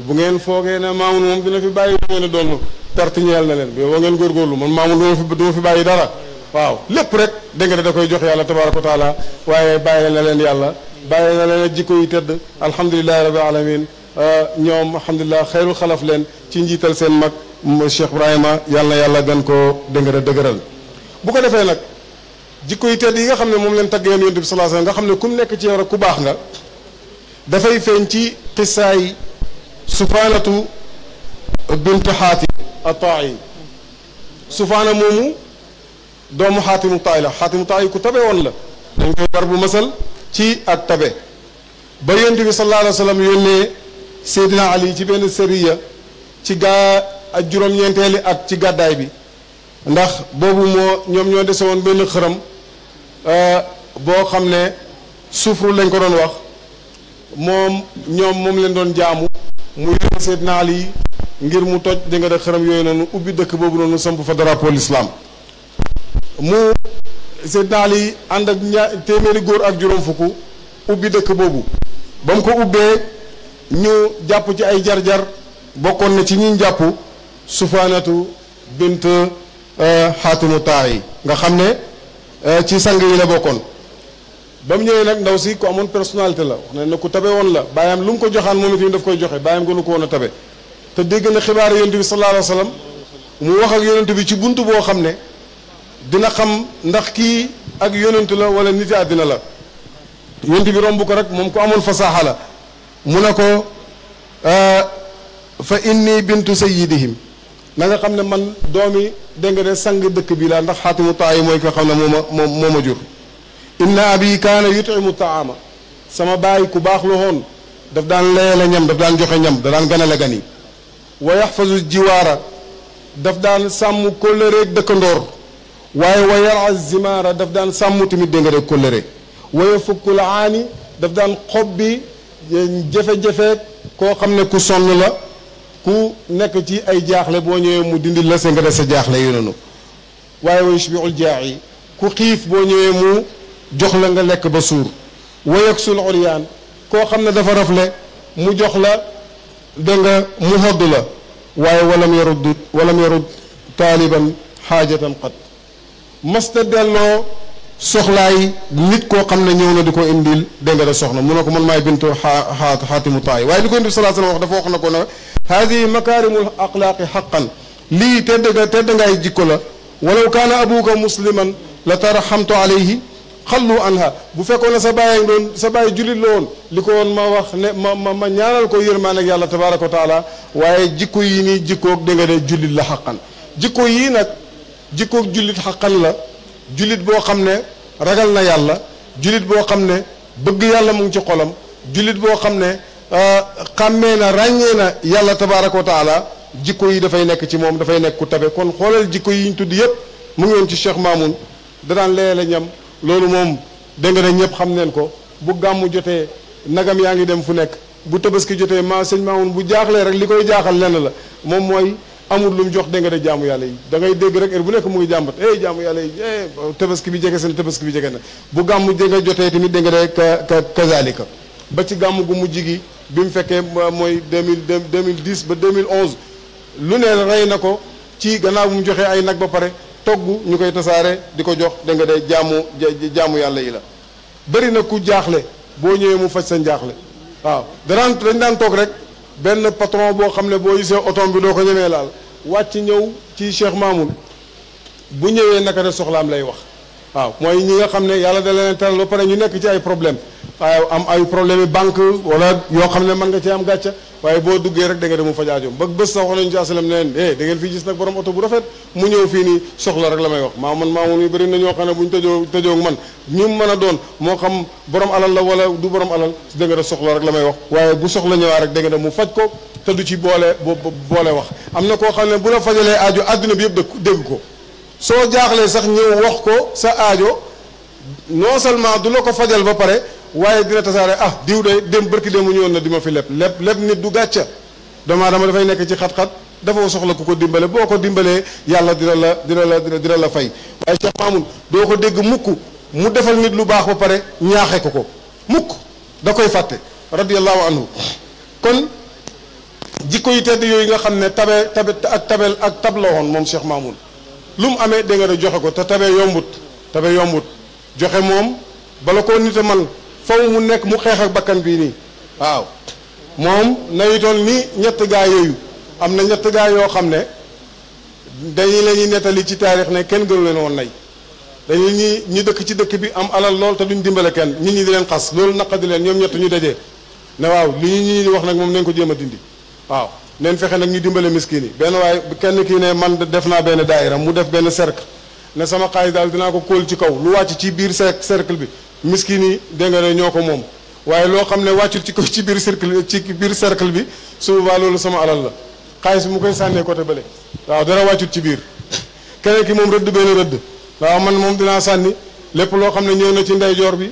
bu ngeen foogee ne maamul moom dina fi bàyyi lu ngeen a doon perte ñeel na leen boo ngeen góorgóorlu man maamul duma fi duma fi bàyyi dara waaw lépp rek dégg da koy jox yàlla tabaaraka wa waaye bàyyi na leen yàlla bàyyi na leen jikko yu tedd alhamdulilahi rabbil alamin euh, ñoom alhamdulilah xayrul xalaf leen ci njiital seen mag Cheikh Ibrahima yàlla yàlla gën koo dégg nga dëgëral bu ko defee nag jikko yi tedd yi nga xam ne moom leen tagg yoon yonent bi sallallahu alayhi xam ne ku mu nekk ci yow rek ku baax nga dafay feeñ ci xisaay sufaanatu bintu xaatim ataayi sufaana moomu doomu xaatimu taay la xaatimu taay ku tabe woon la dañ koy dar bu masal ci a tabe ba yonent bi sallallahu alayhi Ali ci benn sariya ci gaa ak juróom-ñeenteeli at ci gàddaay bi ndax boobu moo ñoom ñoo dese woon benn xërëm euh, boo xam ne sufru lañ ko doon wax moom ñoom moom leen doon jaamu mu yónni Seydina Ali ngir mu toj di nga def xërëm yooyu noonu ubbi dëkk boobu noonu samp fa drapeau l'islam mu Seydina Ali ànd ak ña téeméeri góor ak juróom fukk ubbi dëkk boobu ba mu ko ubbee ñu jàpp ci ay jar-jar bokkoon na ci ñi jàpp sufaanatu bint xaatimu eh, taax yi nga xam ne eh, ci sang yi la bokkoon ba mu ñëwee nag ndaw si ku amoon personnalité la wax ne ku tabe woon la bàyyam lu mu ko joxaan moom itam daf koy joxe bàyyam gënu ko woon a tabe te dégg na xibaar yonent bi sallallahu alayhi wa sallam mu wax ak yonent bi ci bunt boo xam ne dina xam ndax kii ak yonent la wala nit àddina la yonent bi romb ko rek moom ku amoon fasaaxa la mu ne ko eh, fa inni bintu sayyidihim na nga xam ne man doomi dégg nga de sang dëkk bi laa ndax xaatimu taayi mooy ko xam ne moo ma moom moo ma jur inna abi kaana yutimu taama sama baay ku baax la woon daf daan layale ñam daf daan joxe ñam da daan ganale gan yi wa yaxfasu jiwaara daf daan sàmm kóllëreeg dëkkandoor waaye wa yara zimaara daf daan sàmm tamit dégg nga de kóllëre wa yafukkul aani daf daan xob bi eh, jafe-jafe koo xam ne ku sonn la ku nekk ci ay jaaxle boo ñëwee mu dindi la seen nga def sa jaaxle yu noonu waaye wa yushbiul jaa'i ku xiif boo ñëwee mu jox la nga lekk ba suur wa yaksul uryaan koo xam ne dafa rafle mu jox la dégg nga mu hodd la waaye walam yarud walam yarud taaliban xaajatan qat masta delloo soxlaay nit koo xam ne ñëw na di ko indil dégg nga soxna mu ne ko man maay bintu xaa xaatimu taay waaye li ko indi salaa sallam wax dafa wax na ko ne haadihi makaarimul axlaaqi xaqan lii tedd nga tedd ngaay jikko la walaw kaana abuka musliman la tarxamtu alayhi xallu anha bu fekkoon ne sa bàyyi doon sa bàyyi jullit la woon li ko woon ma wax ne ma ma ma ñaanal ko yërmaane ak yàlla tabaaraka wa taala waaye jikko yi nii jikkoog dégg nga jullit la xaqan jikko yi nag jikkoog jullit xaqan la jullit boo xam ne ragal na yàlla jullit boo xam ne bëgg yàlla mu ngi ci xolam jullit boo xam ne euh, xàmmee na ràññee na yàlla tabaaraka wa jikko yi dafay nekk ci moom dafay nekk ku tabe kon xoolal jikko yi ñu tudd yépp mu ngi woon ci Cheikh Mamoun danaan leele ñam loolu moom dégg nga ne ñëpp xam neen ko bu gàmmu jotee nagam yaa ngi dem fu nekk bu tabaski jotee ma sëñ Mamoun bu jaaxlee rek li koy jaaxal lenn la moom mooy amul lu mu jox dégg nga jaamu yàlla yi da ngay dégg rek heure bu nekk mu ngi jàmbat eh jaamu yàlla yi eh tabaski bi jege seen tabaski bi jege na bu gàmm dégg nga jotee tamit dégg nga de ka kazalika ba ci gàmm gu mujj gi bi mu fekkee mooy mille 2000 2010 ba 2011 lu ne rey na ko ci gannaaw bu mu joxee ay nag ba pare togg ñu koy tasaare di ko jox dégg nga de jaamu jaamu yàlla yi la bëri na ku jaaxle boo ñëwee mu faj seen jaaxle waaw danaan dañ daan toog rek benn patron boo xam ne boo gisee otom bi doo ko ñemee laal wàcc ñëw ci Cheikh Mamoun bu ñëwee naka de soxlaam lay wax waaw mooy ñi nga xam ne yàlla da leen teral ba pare ñu nekk ci ay problème waaye am ay problème yi banque wala yoo xam ne mën nga cee am gàcca waaye boo duggee rek da mu demu fajaajoom ba bés sax waxoon nañu ci asalam ne leen eh oto bu rafet mu ñëw fii nii soxla rek la may wax maa man maa mun bëri na ñoo xam ne bu ñu tëjoo tëjoo man ñu mën a doon moo xam borom alal la wala du borom alal da nga soxla rek la may wax waaye bu soxla ñëwaa rek da nga mu faj ko te du ci boole boole wax am na koo xam ne bu la fajalee aajo adduna bi yëpp dëkk dégg ko soo jaaxlee sax ñëw wax ko sa aajo non seulement du la ko fajal ba pare waaye dina tasaare ah diw day dem ki barki démb ñëwoon na di ma fi leb leb leb nit du gàcca doomu aadama dafay nekk ci xat-xat dafa soxla ku ko dimbale boo ko dimbalee yàlla dina la dina la dina la fay waaye Cheikh Mamoun doo ko dégg mukk mu defal nit lu baax ba pare ñaaxe ko ko mukk da koy fàtte radiyallahu anhu kon jikko yi tedd yooyu nga xam ne tabe tabe ak tabel ak tab la woon moom Cheikh Mamoun lu mu amee dégg nga joxe ko te tabe yombut tabe yombut joxe moom bala faw mu nekk mu xeex ak bakkan bii nii waaw moom nawitoon ni ñett gaa yooyu am na ñett gaa yoo xam ne dañu la ñuy nettali ci taarix ne kenn gënu leen woon nay dañu ñi ñu dëkk ci dëkk bi am alal lool te duñ dimbale kenn nit ñi di leen xas loolu naqadi leen ñoom ñett ñu dajee ne waaw li ñu ñii di wax nag moom nañ ko jéem a dindi waaw neen fexe nag ñu dimbale miskin yi benn waaye kenn kii ne man def naa benn daayira mu def benn cercle ne sama xaalis daal dinaa ko kool ci kaw lu wàcc ci biir cercle bi miskin yi dégg ñoo ko moom waaye loo xam ne wàccul ci ko ci biir cercle ci biir cercle bi su boobaa loolu sama alal la xaalis bi mu koy sànnee côté bale waaw dara wàccut ci biir keneen ki moom rëdd benn rëdd waaw man moom dinaa sànni lépp loo xam ne ñëw na ci ndeyjoor bi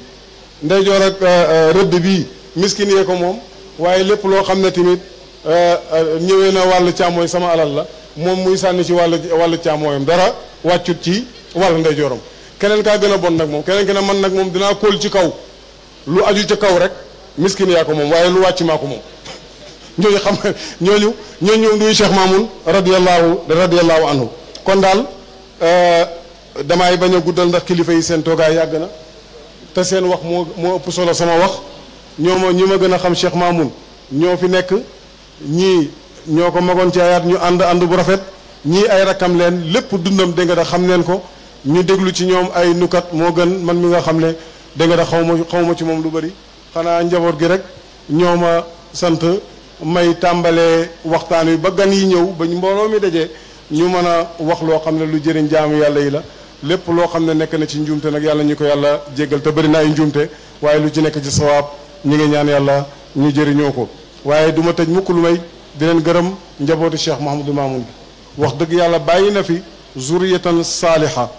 ndeyjoor ak euh, euh, rëdd bii miskin yee ko moom waaye lépp loo xam ne tamit euh, ñëwee na wàllu càmmooñ sama alal la moom muy sànni ci wàllu wàllu càmmooñam dara wàccut ci wàllu ndeyjooram keneen kaa gën a bon nag moom keneen ki ne man nag moom dinaa kóol ci kaw lu aju ca kaw rek miskin yaa ko moom waaye lu wàcc maa ko moom ñooñu xam ñooñu ñooñu ñëw duy Cheikh Mamoun kon daal euh, damay bañ a ndax kilifa yi seen toogaay na seen wax moo moo ëpp sama wax ñoo ma ma gën a xam Cheikh Mamoun ñoo fi nekk ñii ñoo ko magoon ci ayaat ñu ànd ànd bu rafet ñii ay rakkam leen lépp dundam dégg nga xam leen ko ñu déglu ci ñoom ay nukat moo gën man mi nga xam ne dégg nga xaw ma xaw ma ci moom lu bëri xanaa njaboot gi rek ñoo ma sant may tàmbalee waxtaan wi ba gan yi ñëw ba ñu mbooloo mi dajee ñu mën a wax loo xam ne lu jëriñ jaamu yàlla yi la lépp loo xam ne nekk na ci njuumte nag yàlla ñu ko yàlla jéggal te bari na ay njuumte waaye lu ci nekk ci sawaab ñu ngi ñaan yàlla ñu jëriñoo ko waaye du ma tëj mukk lu may di leen gërëm njabootu cheikh Mouhamadou Mamoun bi wax dëgg yàlla bàyyi na fi zuriyatan saaliha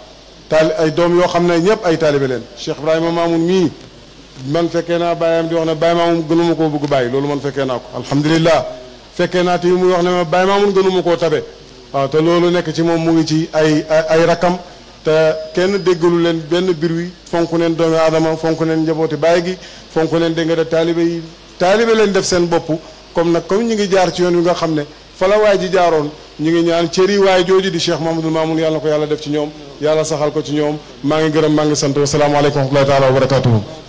taal ay doom yoo xam ne ñëpp ay taalibe leen Cheikh Ibrahima Mamoun mii man fekke naa bàyyam di wax ne Baye Mamoun gënuma ko bëgg bàyyi loolu man fekkee naa ko alhamdulilah fekkee naa te muy wax ne ma Baye Mamoun gënuma koo tabe waaw te loolu nekk ci moom mu ngi ci ay ay rakam te kenn déggalu leen benn bir wi fonk neen doomi aadama fonk neen njabooti baay gi fonk neen dégg nga de taalibe yi taalibe leen def seen bopp comme nag comme ñu ngi jaar ci yoon wi nga xam ne fa la ji jaaroon ñu ngi ñaan cëri waay jooju di Cheikh Mamadou Mamoun yàlla ko yàlla def ci ñoom yàlla saxal ko ci ñoom maa ngi gërëm maa ngi sant wasalaamaaleykum wa rahmatullahi taala wa barakatuhu